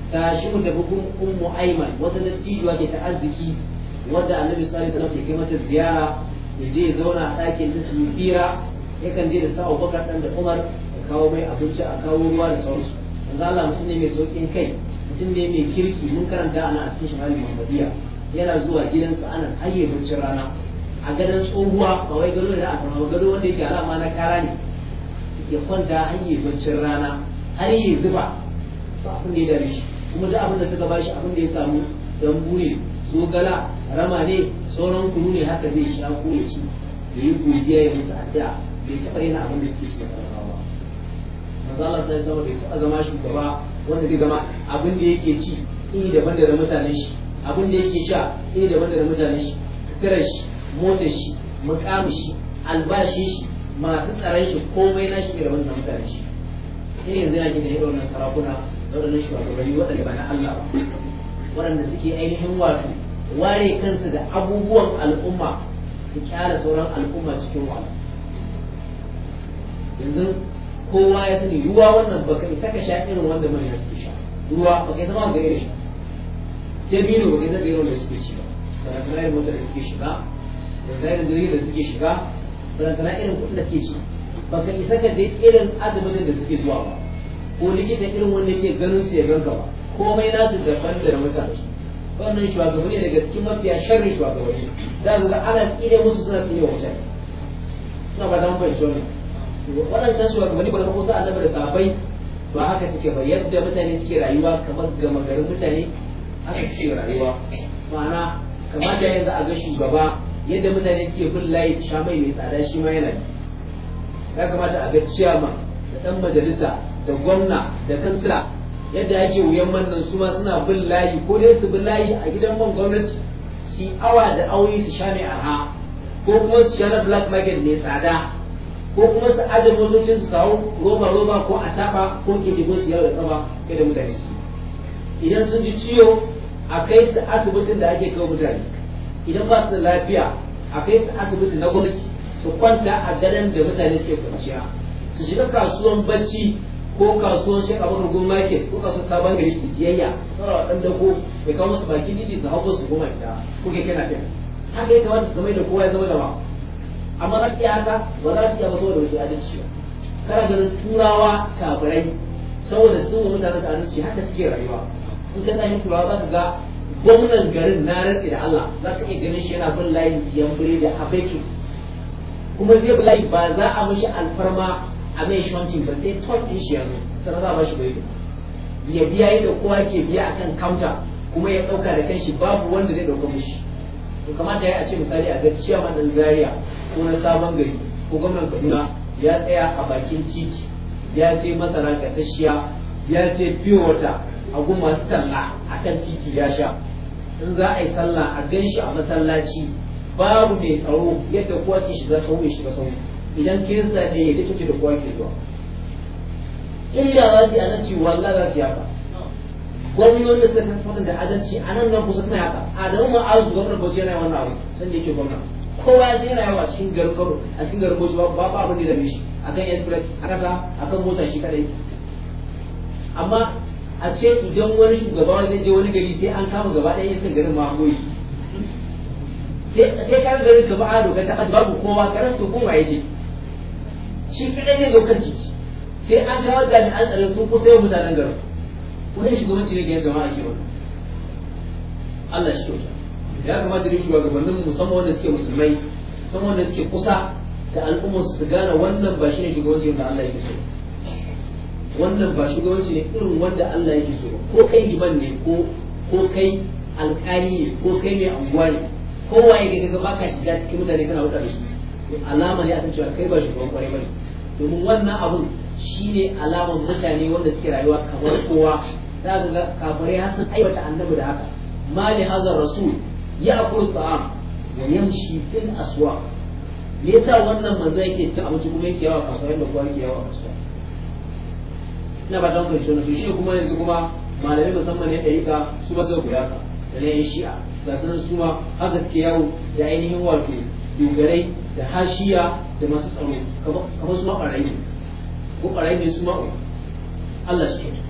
Tashi shi mu tafi ummu ayman wata dattijuwa ce ta arziki wanda annabi sallallahu alaihi wasallam ke kai mata ziyara ya je ya zauna a ɗakin ta su hira yakan je da sa Abubakar dan da umar ya kawo mai abinci a kawo ruwa da sauransu manzo Allah mutum ne mai saukin kai mutum ne mai kirki mun karanta ana a cikin shahali Muhammadiyya yana zuwa gidansa ana hayye bincin rana a gadon tsohuwa ba wai gado da aka ba gado wanda yake alama na kara ne ya kwanta hayye bincin rana har yi zuba ba abin da ya shi kuma duk abin da suka bashi abin da ya samu dan buri sogala rama ne sauran kunu ne haka zai sha ko ya ci da yi godiya ya musu addu'a bai taɓa yana abin da suke shi da talakawa manzo Allah zama sama bai taɓa zama shugaba wanda zai zama abin da yake ci yi daban da mutanen shi abin da yake sha yi daban da mutanen shi suturar shi motar shi mukamin shi albashin shi masu tsaron shi komai na shi da daban da mutanen shi in yanzu yana gina irin wannan sarakuna da waɗannan shugabanni waɗanda ba na Allah ba waɗanda suke ainihin wato ware kansu da abubuwan al'umma su kyara sauran al'umma cikin wahala yanzu kowa ya sani ruwa wannan baka isa ka sha irin wanda manya suke sha ruwa baka isa ma ga irin sha dabino baka isa ga irin da suke shiga ba irin motar da suke shiga balantana irin jirgin da suke shiga sanatana irin kuɗin da suke ci baka isa ka je irin azumin da suke zuwa ba ko likita irin wanda ke ganin su ya ganka ba komai nasu daban da na mutane wannan shugabanni ne daga cikin mafiya sharri shugabanni za su ga ana tsire musu suna tsire wa mutane suna ba zama bai jona waɗancan shugabanni ba da kusa annabi da sabai ba haka suke ba yadda mutane suke rayuwa kamar gama garin mutane haka suke rayuwa ma'ana kamar da yanzu a ga shugaba yadda mutane suke bin layi sha mai mai tsada shi ma yana ya kamata a ga ciyama da ɗan majalisa da gwamna da kansila yadda ake wuyan mannan su ma suna bin layi ko dai su bin layi a gidan man gwamnati su awa da aure su sha mai arha ko kuma su sha black market mai tsada ko kuma su ajiye motocin su sau roba roba ko a ko ke jigo su yau da kai da mutane su idan sun ji ciwo a kai su asibitin da ake kawo mutane idan ba su da lafiya a kai su asibiti na gwamnati su kwanta a gadon da mutane suke kwanciya su shiga kasuwan bacci ko kasuwan shi a rugun market ko kasuwan sabon gari su siyayya tsara dan dako ya kawo masu baki didi su hau su goma gida ko ke na fiya haka ya kamata game da kowa ya zama da ba amma za ka iya haka ba za su iya ba saboda wasu adalci ba kana ganin turawa kafirai saboda sun wani mutane da adalci haka suke rayuwa in ka tashi turawa za ka ga gwamnan garin na rantsi da Allah za ka iya ganin shi yana bin layin siyan biredi a baikin kuma zai bi layi ba za a mashi alfarma a mai ba sai tot din shi yanzu sannan za a bashi bai ya biya yadda kowa ke biya kan counter kuma ya ɗauka da kanshi babu wanda zai ɗauka mishi to kamata ya ce misali a ga ciyar ɗan zaria ko na sabon gari ko gwamnan kaduna ya tsaya a bakin titi ya ce masana gasasshiya ya ce pure a gumma talla a kan titi ya sha in za a yi sallah a gan shi a masallaci babu mai tsaro yadda kowa ke shiga tsawo ya shiga tsawo idan kirista ne ya dace da kowa ke zuwa illa za su yi adalci wallah za su yi haka gwamnoni suka tabbatar da adalci anan nan nan kusa suna haka adamu ma a gwamnati gwamnan bauchi yana wannan abu san yake gwamna kowa ya yana yawa cikin garin a cikin garin ba ba abin da dame shi akan express a kasa akan mota shi kadai amma a ce idan wani shugaba wani je wani gari sai an kama gaba ɗaya yankin garin ma goyi sai kan garin gaba a dokar ta babu kowa karas kuma ya ce shi kaɗai zai zo kan titi sai an kawo jami'an tsaro sun kusa yau mutanen garin wani shugabanci ne ga yadda jama'a ke wani Allah shi kyauta ya kamata dai shugabannin musamman wanda suke musulmai musamman wanda suke kusa da al'ummar su gane wannan ba shi ne shugabanci da Allah yake so wannan ba shugabanci ne irin wanda Allah yake so ko kai liman ne ko ko kai alƙali ne ko kai mai anguwa ne kowaye ne kaga baka shiga cikin mutane kana hudu da shi alama ne a cewa kai ba shugaban kwarai bane domin wannan abun shine alaman mutane wanda suke rayuwa kamar kowa za ka ga kafirai hasan aiwata annabi da haka ma li hazar rasul ya akulu ta'am wa yamshi fil aswaq me yasa wannan manzo yake cin abinci kuma yake yawa kasuwa yadda kowa yake yawa kasuwa ina ba ta mun shi wani shi kuma yanzu kuma malamai musamman ne ɗarika su ba su kula ka da ne shi'a ga sanan suma haka suke yawo da ainihin wato dogarai da hashiya da masu tsaro kamar su ma ne ko ɓarayi ne su ma Allah shi kyautu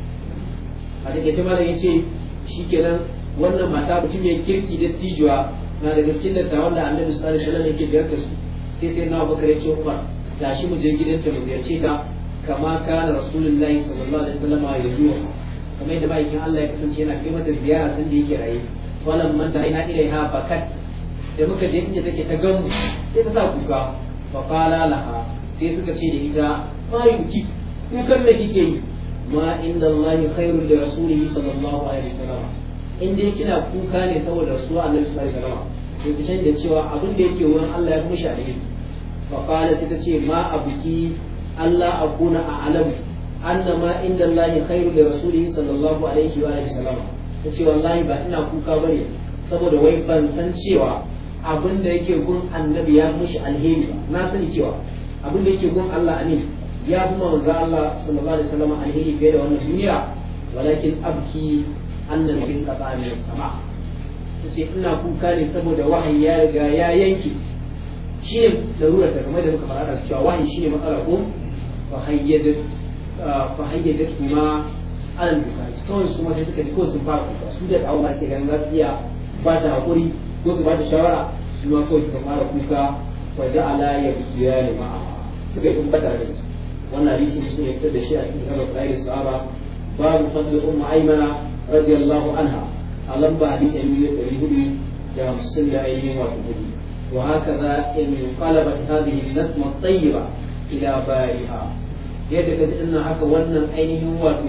a daga ce malam ya ce shi kenan wannan mata mutum ya kirki da tijuwa na da gaskin da tawon da annabi sallallahu alaihi wasallam yake ziyartar su sai sai na bakar ya ce umar tashi mu je gidanta mu ziyarce ta kama kana rasulullahi sallallahu alaihi wasallam ya zuwa kamar yadda bayan Allah ya kasance yana kai mata ziyara tun da yake raye wannan manta ina ilaiha bakat da muka je inda take ta gamu sai ta sa kuka fa qala laha sai suka ce da ita ma yuki kukan da kike yi ma inda Allah khairu li rasulihi sallallahu alaihi wasallam in dai kina kuka ne saboda rasuwa annabi sallallahu alaihi wasallam sai ta canza cewa abin da yake wurin Allah ya fi mishi fa qala sai ta ce ma abuki Allah akuna a'lamu anna ma inda Allah khairu li rasulihi sallallahu alaihi wa sallam ta ce wallahi ba ina kuka bane saboda wai ban san cewa abin da yake gun annabi ya mushi alheri na sani cewa abin da yake gun Allah amin ya kuma manzo Allah sallallahu alaihi wasallam alheri fiye da wannan duniya walakin abki annal bin qata'an sama sai ina kuka ne saboda wahayi ya riga ya yanke shi ne da kamar da muka fara da cewa wahayi shi ne matsala ko fa fa kuma su kuma sai suka ji ko sun fara kuka su da ganin za su iya ba ta ko su ba shawara ma fara kuka fa ja'ala ya biya ne ma'a suka yi da su wannan hadisi shi a cikin kamar ƙayar sahaba babu fadl umma aymana radiyallahu anha a lamba hadisi ya miliyan hudu da da wato hudu wa haka in qalabat hadhihi nasma tayyiba ila bariha yadda kaji ina haka wannan ainihin wato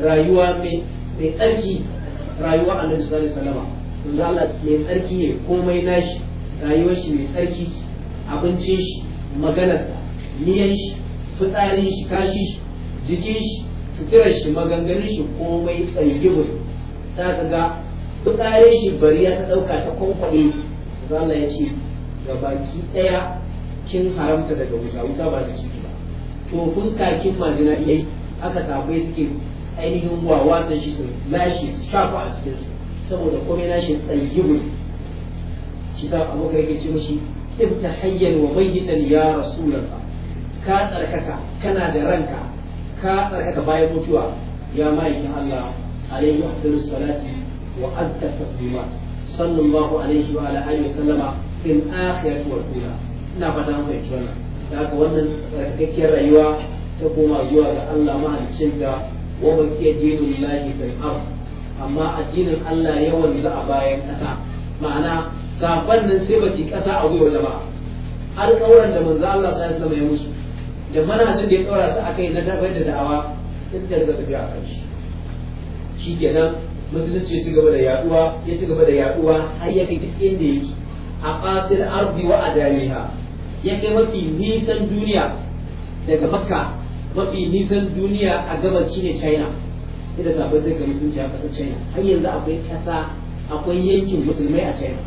rayuwa mai tsarki rayuwa annabi sallallahu alaihi wasallam manzo Allah mai tsarki ne komai nashi rayuwar shi mai tsarki ce abincin shi maganarsa miyan shi fitsarin shi kashi shi jikin shi suturar shi maganganun shi komai tsayyibu ta ga fitsarin shi bariya ta ɗauka ta kwankwaɗe manzo Allah ya ce ga baki ɗaya kin haramta daga wuta wuta ba da ciki ba to kun kakin majina iya aka sabai suke ainihin wawa shi su lashe su shafa a cikinsu saboda komai nashi tsayyibu shi sa abokai yake ce mishi ta hayyan wa mayyitan ya rasulullah ka tsarkaka kana da ranka ka tsarkaka bayan mutuwa ya ma'aikin Allah alaihi afdalu salati wa azka taslimat sallallahu alaihi wa ala alihi sallama fil akhirati wal ula ina fata mu fahimci wannan da haka wannan tsarkakiyar rayuwa ta koma zuwa ga Allah mahaliccinta wa wakiyar dinin lahi fil ardh amma addinin Allah ya wanzu a bayan kasa. ma'ana saban nan sai ba ci ƙasa a gwiwa ba alƙawuran da manzo Allah sai ya ya musu da manhajin da ya ɗora su akai na dabar da da'awa duk da tafiya a kanshi shi kenan musulunci ya ci gaba da yaduwa ya ci gaba da yaduwa har ya kai duk inda yake a fasil ardi wa adaliha ya kai mafi nisan duniya daga makka mafi nisan duniya a gabar shine china sai da sabai zai sun ce a ƙasar china har yanzu akwai ƙasa akwai yankin musulmai a china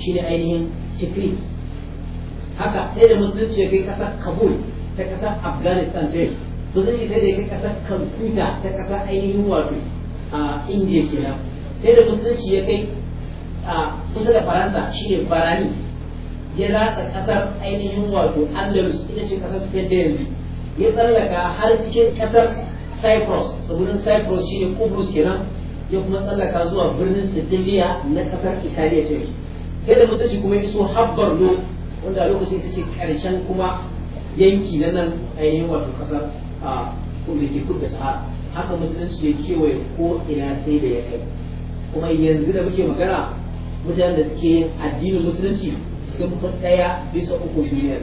shine ainihin tikrit haka sai da musulunci ya kai ƙasar kabul ta ƙasar afghanistan ta musulunci sai da ya kai ƙasar kankuta ta ƙasar ainihin wato a indiya nan sai da musulunci ya kai a kusa da faransa shine baranis ya ratsa ƙasar ainihin wato andalus ita ce ƙasar spain da yanzu ya tsallaka har cikin ƙasar cyprus tsibirin cyprus shine kubrus kenan ya kuma tsallaka zuwa birnin sicilia na kasar italiya ce sai da mutaci kuma iso habbar lo wanda a lokacin ta ce karshen kuma yanki na nan ainihin wato kasar a da ke kudu sahara haka musulunci ya kewaye ko ina sai da ya kai kuma yanzu da muke magana mutanen da suke yin addinin musulunci sun fi ɗaya bisa uku duniyar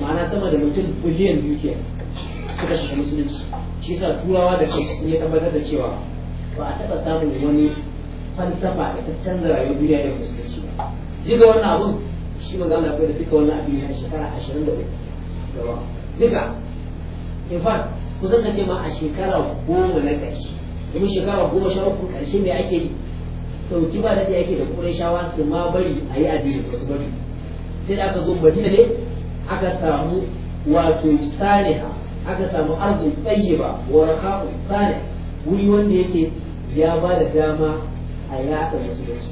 ma'ana sama da mutum biliyan biyu suka shiga musulunci shi yasa turawa da shi sun yi tabbatar da cewa ba a taɓa samun wani fantafa da ta canza rayuwar duniya da musulunci ba jiga wannan abun shi ba za a da duka wannan abin ya shekara ashirin da uku duka in fact ku zan ce ma a shekara goma na ƙarshe domin shekara goma sha uku ƙarshe ne ake yi to ki ba daɗi ake da ƙurai shawa su ma bari a yi addini ba su bari sai da aka zo madina ne aka samu wato saniha aka samu arzikin tsayyaba wa raka'u tsari wuri wanda yake ya ba da dama a yaɗa musulunci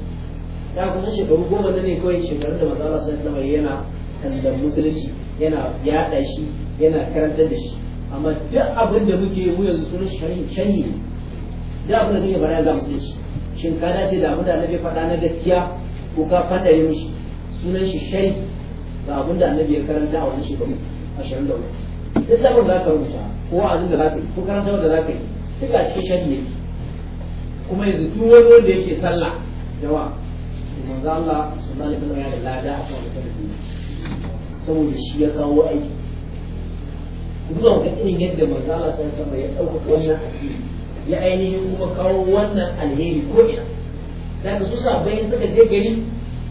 da kusan shekaru goma na ne kawai shekarun da mazala sun sallallahu yana kallon musulunci yana yaɗa shi yana karantar da shi amma duk abin da muke mu yanzu sunan shari'i shari'i da abin da kake faɗa ga musulunci shin ka dace da abin da annabi faɗa na gaskiya ko ka faɗa yi mishi sunan shi shari'i ga abin da annabi ya karanta a wannan shekaru 23 duk sabon da ka rubuta ko wa'azin da zaka yi ko karantar da zaka yi duka cikin shan ne kuma yanzu duk wani wanda yake sallah jama'a manzo Allah sallallahu alaihi wasallam ya da lada a kan mutum saboda shi ya kawo aiki kuma ga irin yadda manzo Allah sallallahu alaihi wasallam ya dauka wannan addini ya ainihin kuma kawo wannan alheri ko ina daga su sabai suka je gari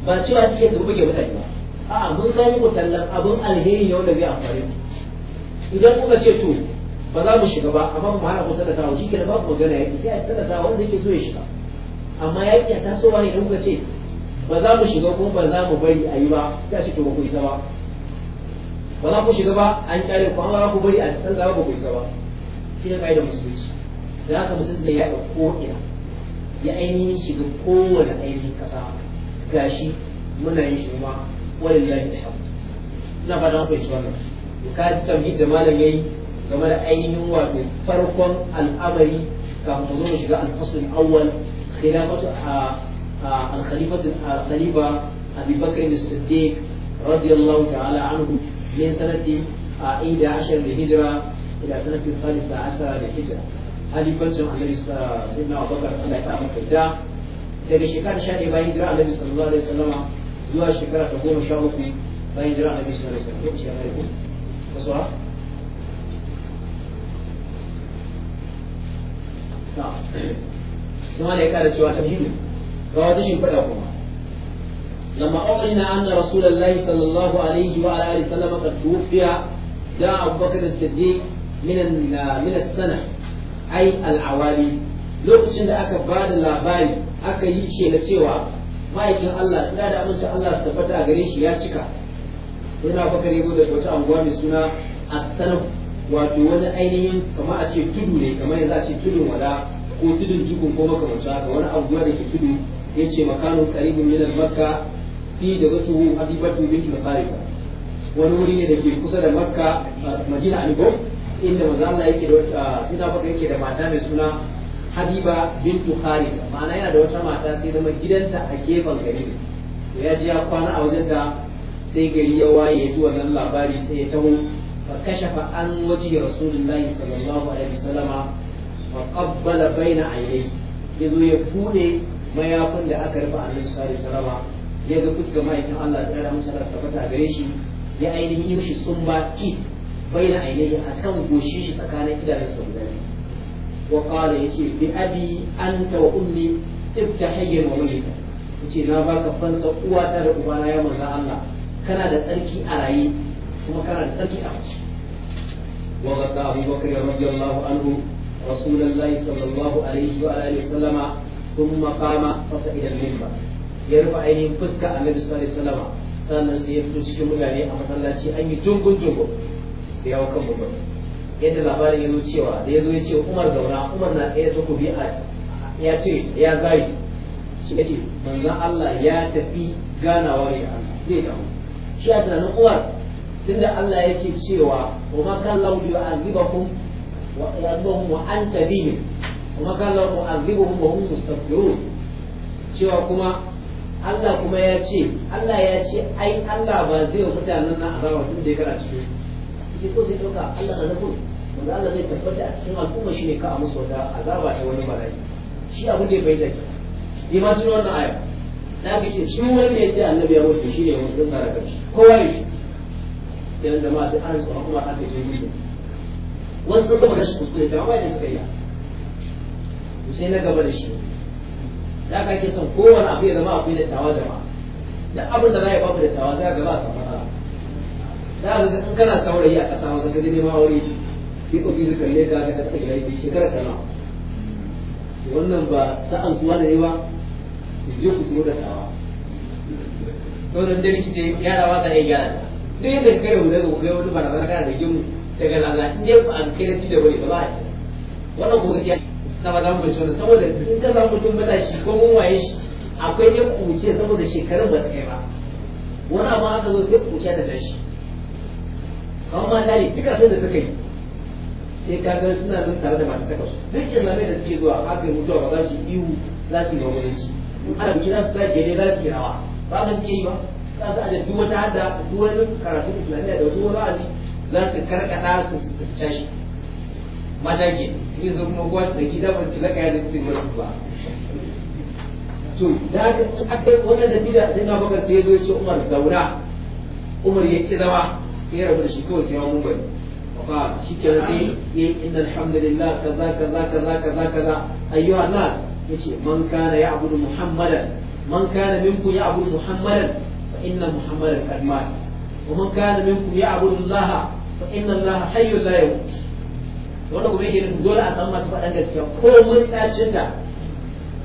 ba cewa suke su buge mutane ba a'a mun kawo mutallan abun alheri ne wanda zai amfani mu idan kuka ce to ba za mu shiga ba amma mu hana ku talatawa shi ke ba ku magana ya sai a talatawa wanda yake so ya shiga amma yaƙi ta tasowa ne idan kuka ce ba za mu shiga kuma ba za mu bari a yi ba sai a ce to ba ku isa ba ba za ku shiga ba an kyale ku amma za ku bari a talatawa ba ku isa ba shi ne da musulunci da haka musulunci ya ɗauki ko ina ya ainihin shiga kowane ainihin kasa gashi muna yin shi ma walillahi alhamdu ina fata mafi wannan ka ji tauhid da malam yayi game da ainihin wato farkon al'amari kafin mu zo mu shiga al-fasl al-awwal khilafatu al-khalifatu al-khalifa Abi Bakr as-Siddiq radiyallahu ta'ala anhu min sanati 11 hijra ila sanati 13 hijra halifancin Annabi sayyidina Abu Bakr Allah ya masa da daga shekara 11 bayan hijira Annabi sallallahu alaihi wasallama zuwa shekara ta goma sha 13 bayan hijira Annabi sallallahu alaihi wasallam Bonsoir. Sama da ya kara cewa tamhimi ga wata shimfiɗa kuma. لما أعلن أن رسول الله صلى الله عليه وعلى آله وسلم قد توفي دعا أبو بكر الصديق lokacin da aka ba da labari aka yi shela cewa ma'aikin Allah ina da amincin Allah su tabbata a gare shi ya cika Yana na baka da wata anguwa mai suna asanam wato wani ainihin kamar a ce tudu ne kamar yanzu a ce tudun wada ko tudun tukun ko makamancin ga wani anguwa da ke tudu ya ce makanun karibin minan makka fi da zatuhu habibatu na farita wani wuri ne da ke kusa da makka madina alibo inda maza Allah yake da sai na baka yake da mata mai suna habiba bintu farika ma'ana yana da wata mata sai zama gidanta a gefen gari ya ji ya kwana a wajen da sai gari ya waye ya ji wannan labari sai ya taho fa kashafa an waji rasulullahi sallallahu alaihi wasallama fa qabbala baina ainihi ya zo ya buɗe mayafin da aka rufe annabi sallallahu alaihi wasallama ya ga fuskar ma'aikin Allah ya tsara masa rasa fata gare shi ya ainihin yi mishi sun ba kis baina ainihi a kan goshin shi tsakanin idanunsa guda biyu wa qala yace bi abi anta wa ummi ibtahiyyan wa mulika yace na baka fansa uwata da ubana ya manzo Allah kana da tsarki a raye kuma kana da tsarki a mace وغطى أبو بكر رضي الله عنه رسول الله صلى الله عليه وآله وسلم ثم قام فصعد المنبر يرفع عينه فسك النبي صلى الله عليه وسلم sannan sai ya fito cikin mutane a masallaci an yi jungun jungun sai ya kan babban yadda labarin ya zo cewa da ya zo ya ce umar gauna umar na ɗaya takobi a ya ce ya zai shi ya ce manzan allah ya tafi ganawa ne zai damu shi tunanin uwar tunda Allah yake cewa wa ma kan lahu yu'adhibuhum wa yu'adhibuhum wa anta bihim wa ma kan lahu mu'adhibuhum wa hum mustaghfirun cewa kuma Allah kuma ya ce Allah ya ce ai Allah ba zai wa mutanen nan azaba tun da ya kara cikin shi ko sai dauka Allah ka zafu wanda Allah zai tabbata a cikin al'umma shi ne ka a musu wata azaba ta wani bala'i shi abin da ya bayyana ki ma tuno wannan aya Na fi ce cikin wani ne sai annabi ya mutu shi ne mutu sa da karshe kowa ne shi Yan jama'a sai an tsoma kuma an aka je mutu wasu sun gaba da shi kuskure ta amma idan suka yi sai na gaba da shi da aka ke son kowane abu ya zama akwai da tawa jama'a da abin da za ya babu da tawa za a gaba a samu matsala za ka in kana saurayi a ƙasa wasu gaji nema aure sai ƙofi su kalle ka ga ta tsaki laifi shekara kana wannan ba sa'an suwa da ne ba ku je ku kuma da tawa sauran da rikice yarawa da ya gyara duk yadda kare wani daga kuma wani bana kana da gimu daga lalata in dai ku an kai da ci da wani ba ba wannan ko gaskiya na ba za mu bai wannan saboda in ka za mu tun mata shi ko mun waye shi akwai ya kuce saboda shekarun ba su kai ba wani abu aka zo sai kuce da dashi kawai ma dali duka sun da suka yi sai ka ga suna nan tare da masu takas duk islamai da suke zuwa haka mutuwa ba za su iwu za su yi gwamnati in ana bikin za su tsaya daidai za su yi rawa ba za su yi ba za su aje duk wata hada duk wani karatu islamiyya da duk wani wa'azi za su karkada su fita shi mata ke ni zo kuma kowa da gida ba ki zaka yadda cikin wani ba to da aka yi wannan da gida sai na bakar sai ya zo ya ce umar zauna umar ya ki zama sai ya rabu da shi kawai sai ya mun bari قال شكرا لي إن الحمد لله alhamdulillah, كذا كذا كذا كذا أيها الناس yace man kana ya'budu muhammadan man kana minkum ya'budu muhammadan fa inna muhammadan qad mat wa man kana minkum ya'budu allah fa inna allah hayyun la yamut wannan kuma yake dole a san masu faɗan gaskiya ko mun tsacin da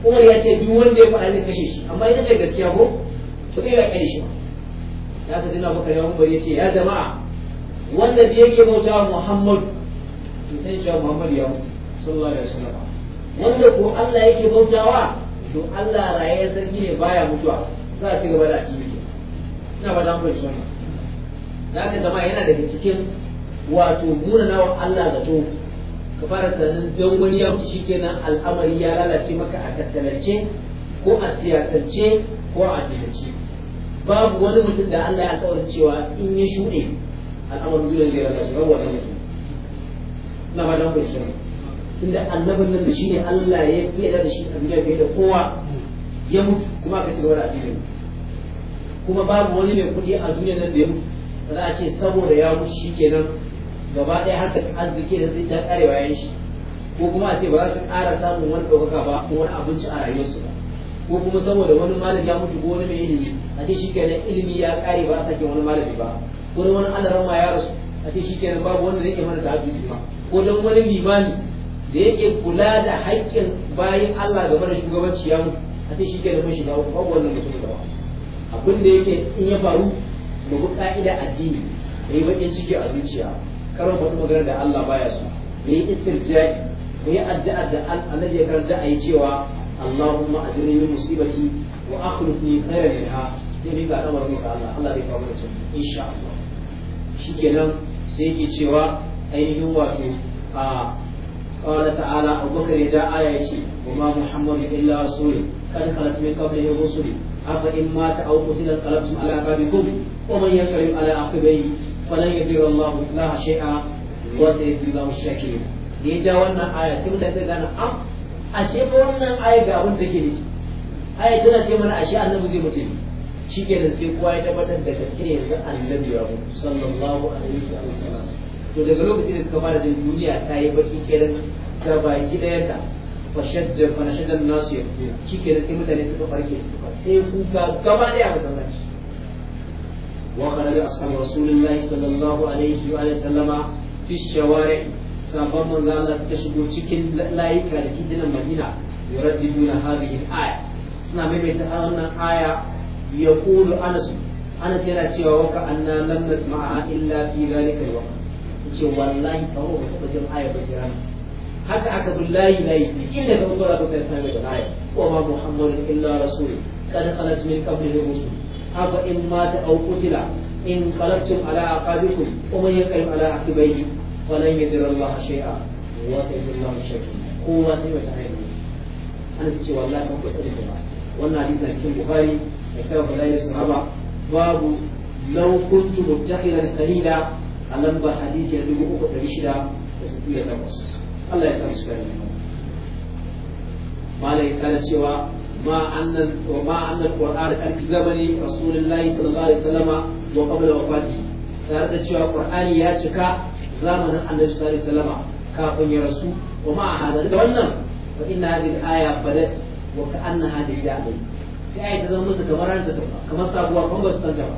Umar ya ce duk wanda ya faɗa ne kashe shi amma ita ce gaskiya ko to kai ya kare shi ba ya ka dina baka ya Umar ya ce ya jama'a wanda da yake bauta wa Muhammad to sai cewa Muhammad ya mutu sallallahu alaihi wasallam wanda ko Allah yake bautawa to Allah raye sarki ne baya mutuwa za a gaba da addini ina ba dan fahimci wannan da ka jama'a yana daga cikin wato munana nawa Allah zato ka fara sanin don wani ya mutu kenan al'amari ya lalace maka a tattalance ko a siyasance ko a addinance babu wani mutum da Allah ya kawar cewa in ya shuɗe al'amarin duniya zai lalace ba wannan mutum ina ba dan fahimci wannan tunda annabin nan da shine Allah ya fiye da shi a duniya fiye da kowa ya mutu kuma aka ci gaba da addinin kuma babu wani mai kuɗi a duniya nan da ya mutu ba za a ce saboda ya mutu shi kenan gaba ɗaya harkar arziki da zai ta ƙare bayan shi ko kuma a ce ba za su ƙara samun wani ɗaukaka ba ko wani abinci a rayuwarsu ba ko kuma saboda wani malami ya mutu ko wani mai ilimi a ce shi kenan ilimi ya ƙare ba a sake wani malami ba ko wani alarama ya rasu a ce shi kenan babu wanda zai ke mana ta ba ko don wani limani da yake kula da haƙƙin bayan Allah game da shugabanci ya mutu a sai shi ke da mashi dawo babu wannan mutum da wa abin da yake in ya faru mu bi ka'ida addini da yi baƙin ciki a zuciya karon faɗi magana da Allah baya so da yi istirjai da yi addu'a da annabi ya karanta a yi cewa Allahumma ajirni min musibati wa akhlifni khairan minha sai ni ga mu ka Allah Allah zai kawo mutum insha Allah shikenan sai yake cewa ainihin wato a قال تعالى أبو بكر جاء آيتي وما محمد إلا رسول قد خلت من قبله الرسل أفإن مات أو قتل انقلبتم على عقابكم ومن ينقلب على عقبيه فلن يضر الله الله شيئا وسيجزي الله الشاكرين da ya ja aya sai mutane ta gane am ashe ko wannan aya ga abin da ke ne aya tana ce mana ashe annabi zai mutu ne shi ke sai kowa ya tabbatar da gaske yanzu annabi ya mutu sallallahu alaihi wa sallam to daga lokacin da suka fara jin duniya ta yi baki kenan ga baki daya ta fashadda fa nashadan nasu ya shi da sai mutane suka farke sai kuka gaba daya masallaci wa kharaja ashabu rasulillahi sallallahu alaihi wa sallama fi shawari sabon manzo Allah suka shigo cikin layuka da titunan Madina yuraddiduna hadhihi al-aya suna maimaita wannan aya yaqulu anas anas yana cewa wa ka anna lam nasma'a illa fi dhalika al-waqt ce wallahi ba haka aka bi layi layi duk inda sami da ma illa rasul min in mata in ala man ala Allah wa sai ne ana ce wallahi wannan hadisi cikin bukhari da sahaba babu law kuntu muttakhilan a lambar hadisi ya dubu uku ɗari shida da sittin da takwas Allah ya sa su gani malai kana cewa ma annan wa ma annan qur'an karfi zamani rasulullahi sallallahu alaihi wasallama wa qabla wafati tare da cewa qur'ani ya cika zamanin annabi sallallahu alaihi wasallama kafin ya rasu wa ma hada da wannan fa inna hadhihi al-aya fadat wa ka'annaha dalilun sai ayata zama musu kamar ta kamar sabuwa kan ba su san ta ba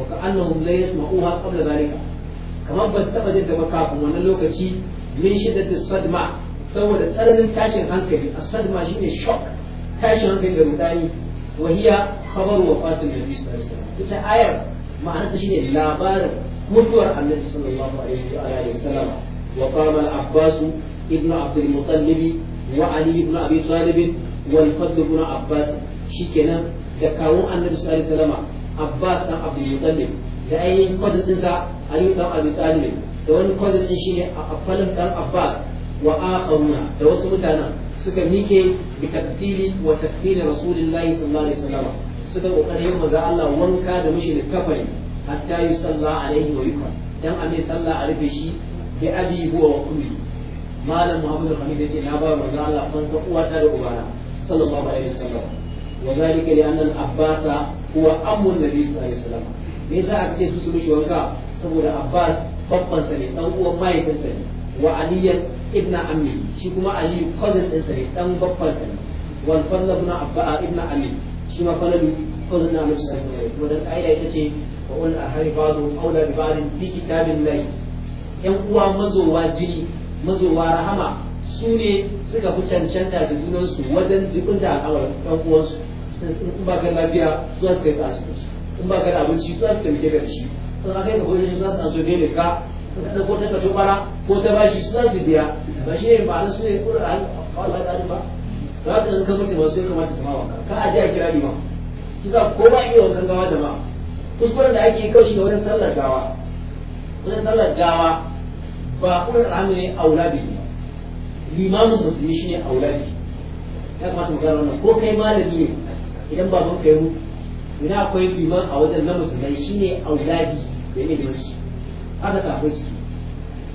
wa ka'annahum la yasma'uha qabla dhalika kamar ba su taba jin gaba kafin wannan lokaci min da sadma saboda tsananin tashin hankali a sadma shine shock tashin hankali da rudani wa hiya khabaru fatin da sallallahu alaihi wasallam ita ayar ma'anarta shine labarin mutuwar annabi sallallahu alaihi wa alihi wasallam wa qama al-abbas ibn abd al-muttalib wa ali ibn abi talib wal fadl ibn abbas shikenan da kawun annabi sallallahu alaihi wasallam abbas dan abd al-muttalib da ainihin kwadin ɗinsa yi ɗan abi talibin da wani kwadin ɗin shi ne a affalin ɗan abbas wa akharuna da wasu mutanen suka mike bi tafsiri wa takfiri rasulillahi sallallahu alaihi wasallam suka kokarin yin maza Allah wanka da mishi likafari hatta sallah alaihi wa yukra dan amin sallah a rufe shi bi abi huwa wa ummi malam muhammad al-hamid yace na ba maza Allah fansa uwata da ubana sallallahu alaihi wasallam wa zalika li anna al-abbasa huwa ammu nabi sallallahu alaihi wasallam me yasa a ce su su mishi wanka saboda abbas babban sa ne dan uwan mahaifinsa ne wa aliyan ibna ammi shi kuma ali cousin ɗinsa ne dan babban sa ne wal fadl ibn abba ibna ammi shi ma falalu cousin na annabi sallallahu alaihi wasallam kuma dan ita ce wa ul ahari ba'du aula bi ba'din fi kitabillahi yan uwa mazowa jini mazowa rahama su ne suka fi cancanta da junansu wajen jikunta al'amarin ɗan uwansu in ba ka lafiya zuwa suka yi ta asibiti in ba ka da abinci za su taimake ka da shi to a kai ka koyi shi za su azo ne ka in ko ta kato bara ko ta bashi su za su biya ba shi ne ba na su ne ko Allah ta ba za ka in ka mutu ba su ya kamata su ma wanka ka aje a kira liman kisa ko ba iya wasan gawa da ba kuskuren da ake yi shi ga wajen sallar gawa wajen sallar gawa ba da rahama ne a wula biyu limamin musulmi shi ne wula biyu ya kamata mu gano wannan ko kai malami ne idan baban ka kai mutu ina akwai biman a wajen na musulmai shine aulabi da ne da shi haka kafin su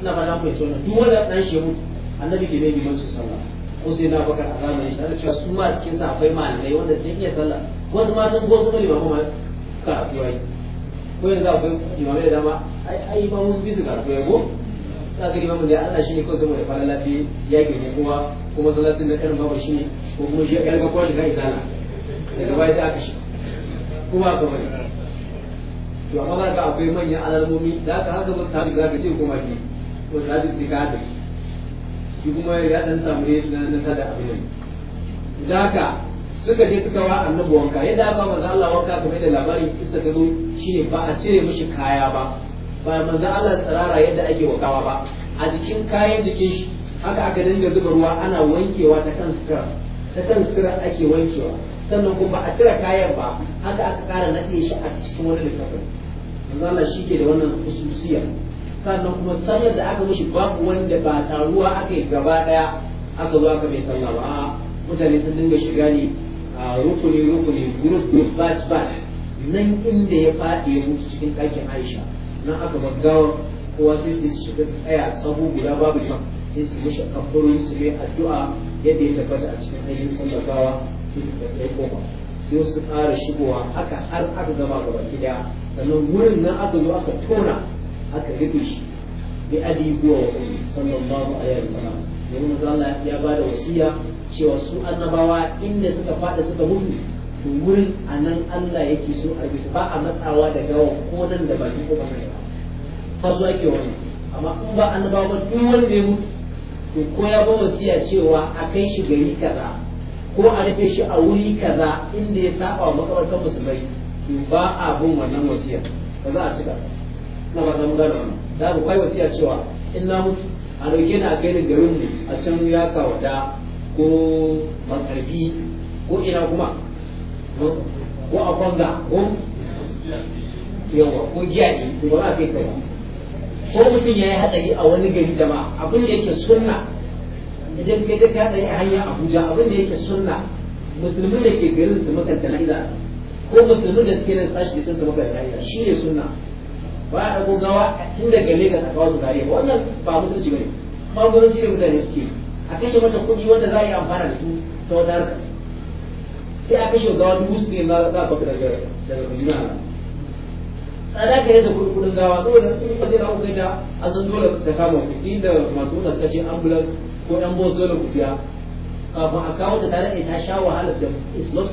ina ba na fahimci wannan duk wanda dan shehu annabi ke ne biman su sallah ko sai na bakar a zamanin shi ana cewa su ma cikin sa akwai malamai wanda sai iya sallah wasu ma sun gosu da limamu ma karatu yayi ko yanzu akwai imamai da dama ai ai ba musu bisu karatu yayi ko ta ga limamu da Allah shine ko saboda fara lafiya ya ke ne kuma kuma salatin da karin baba shine ko kuma shi ya ga kwashi ga izala daga baya sai aka shi kuma ko mai to amma ga akwai manyan alalmomi, da ka haka ba ta riga ka ce kuma ki ko ta ji ka da shi shi kuma ya dan samu ne na sada abin da ka suka je suka wa annabi wanka yadda aka manzo Allah wanka kamar da labarin kisa ga zo shine ba a cire mishi kaya ba ba manzo Allah tsirara yadda ake wakawa ba a jikin kayan jikin shi haka aka dinga zuba ruwa ana wankewa ta kan sutura ta kan sutura ake wankewa sannan kuma ba a cire kayan ba haka aka kara naɗe shi a cikin wani littafin Allah shi ke da wannan hususiya sannan kuma sanyar da aka mishi babu wanda ba taruwa aka yi gaba daya aka zo aka mai sallah ba mutane sun dinga shiga ne a rukuni rukuni group group batch batch nan inda ya faɗi ya mutu cikin ɗakin Aisha nan aka gaggawa kowa sai su shiga su tsaya sabo guda babu imam sai su mishi kabbarun su mai addu'a yadda ya tabbata a cikin ayyukan sallah sai suka kai su fara shigowa aka har aka gama gaba gida sannan wurin nan aka zo aka tona aka rufe shi bi abubuwa wa ummi sallallahu alaihi wasallam sai mun Allah ya ba da wasiya cewa su annabawa inda suka fada suka mutu to wurin anan Allah yake so a bisa ba a matsawa da gawa ko nan da baki ko ba fa zuwa ke wani amma in ba annabawa duk wanda ya mutu to ko ya ba wasiya cewa a kai shi gari kaza ko a rufe shi a wuri kaza inda ya saba wa makabartar musulmai ba a bin wannan wasiyar ba za a cika ta na ba zama gano za ku kai wasiya cewa in na mutu a dauke ni a kai ni garin mu a can ya kawada ko makarfi ko ina kuma ko a kwanga ko yawa ko ko ba a kai kai ko mutum ya yi hatsari a wani gari da ba abin da yake sunna idan kai da ka tsaye a abuja abin da yake sunna musulmi da ke garin su makanta la'iza ko musulmi da suke nan tashi sun su makanta la'iza shi ne sunna ba a ɗago gawa tun daga lagos ga kawo su gare ba wannan ba mutunci ba ne ba mutunci ne mutane suke a kashe mata kuɗi wanda za a yi amfana da su ta wata harka sai a kashe gawa dubu su ne za a kwafi daga daga kujina tsada ka yi kuɗin kuɗin gawa saboda in ba zai na kuka ta a zan dole ta kama kuɗi da masu wuta suka ce ambulance ko yan bos dole ku biya kafin a kawo ta tare ta sha wahala da islot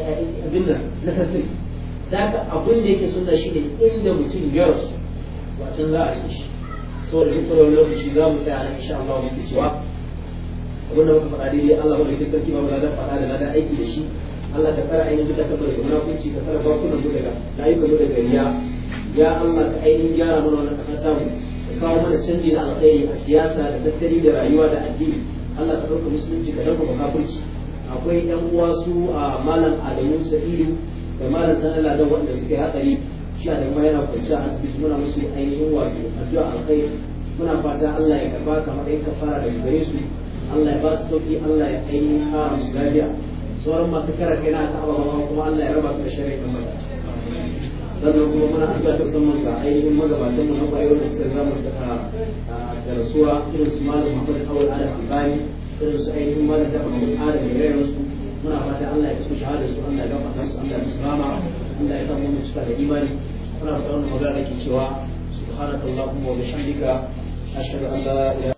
eh, abin nan na tasiri da ka abin da yake sunna shi ne inda mutum ya rasu ba san za a yi shi da duk wani lokaci za mu tsaya nan insha Allah mu cewa abin da muka faɗa daidai Allah ba da sarki ba mu ladan faɗa da ladan aiki da shi Allah ka tsara ainihin duka ta bari munafunci ka tsara bakunan mu daga ayyukan mu daga riya ya Allah ka ainihin gyara mana wannan kasar ta mu kawo mana canji na alkhairi a siyasa da tattali da rayuwa da addini Allah ka ɗauka musulunci ka ɗauka makafirci akwai yan uwa su a malam Adamu Sa'idu da malam Sanala da wanda suka hatsari shi a dama yana kwanciya asibiti muna musu ainihin wato addu'a alkhairi muna fata Allah ya karba kamar yadda fara daga gare su Allah ya ba su sauki Allah ya ainihin fara musu lafiya sauran masu kara kai na ta kuma Allah ya raba su da shari'a kamar sannan kuma muna addu'a ta musamman ga ainihin magabatan mu na kwayar da suka zama da rasuwa irin su malam Muhammad Awal Adam Albani irin su ainihin malam da Muhammad Adam da yayin su muna fata Allah ya kusa shahada su Allah ya gafarta su Allah ya musulama Allah ya sa mu cika da imani muna faɗa wannan magana da ke cewa subhanakallahumma wa bihamdika ashhadu an la ilaha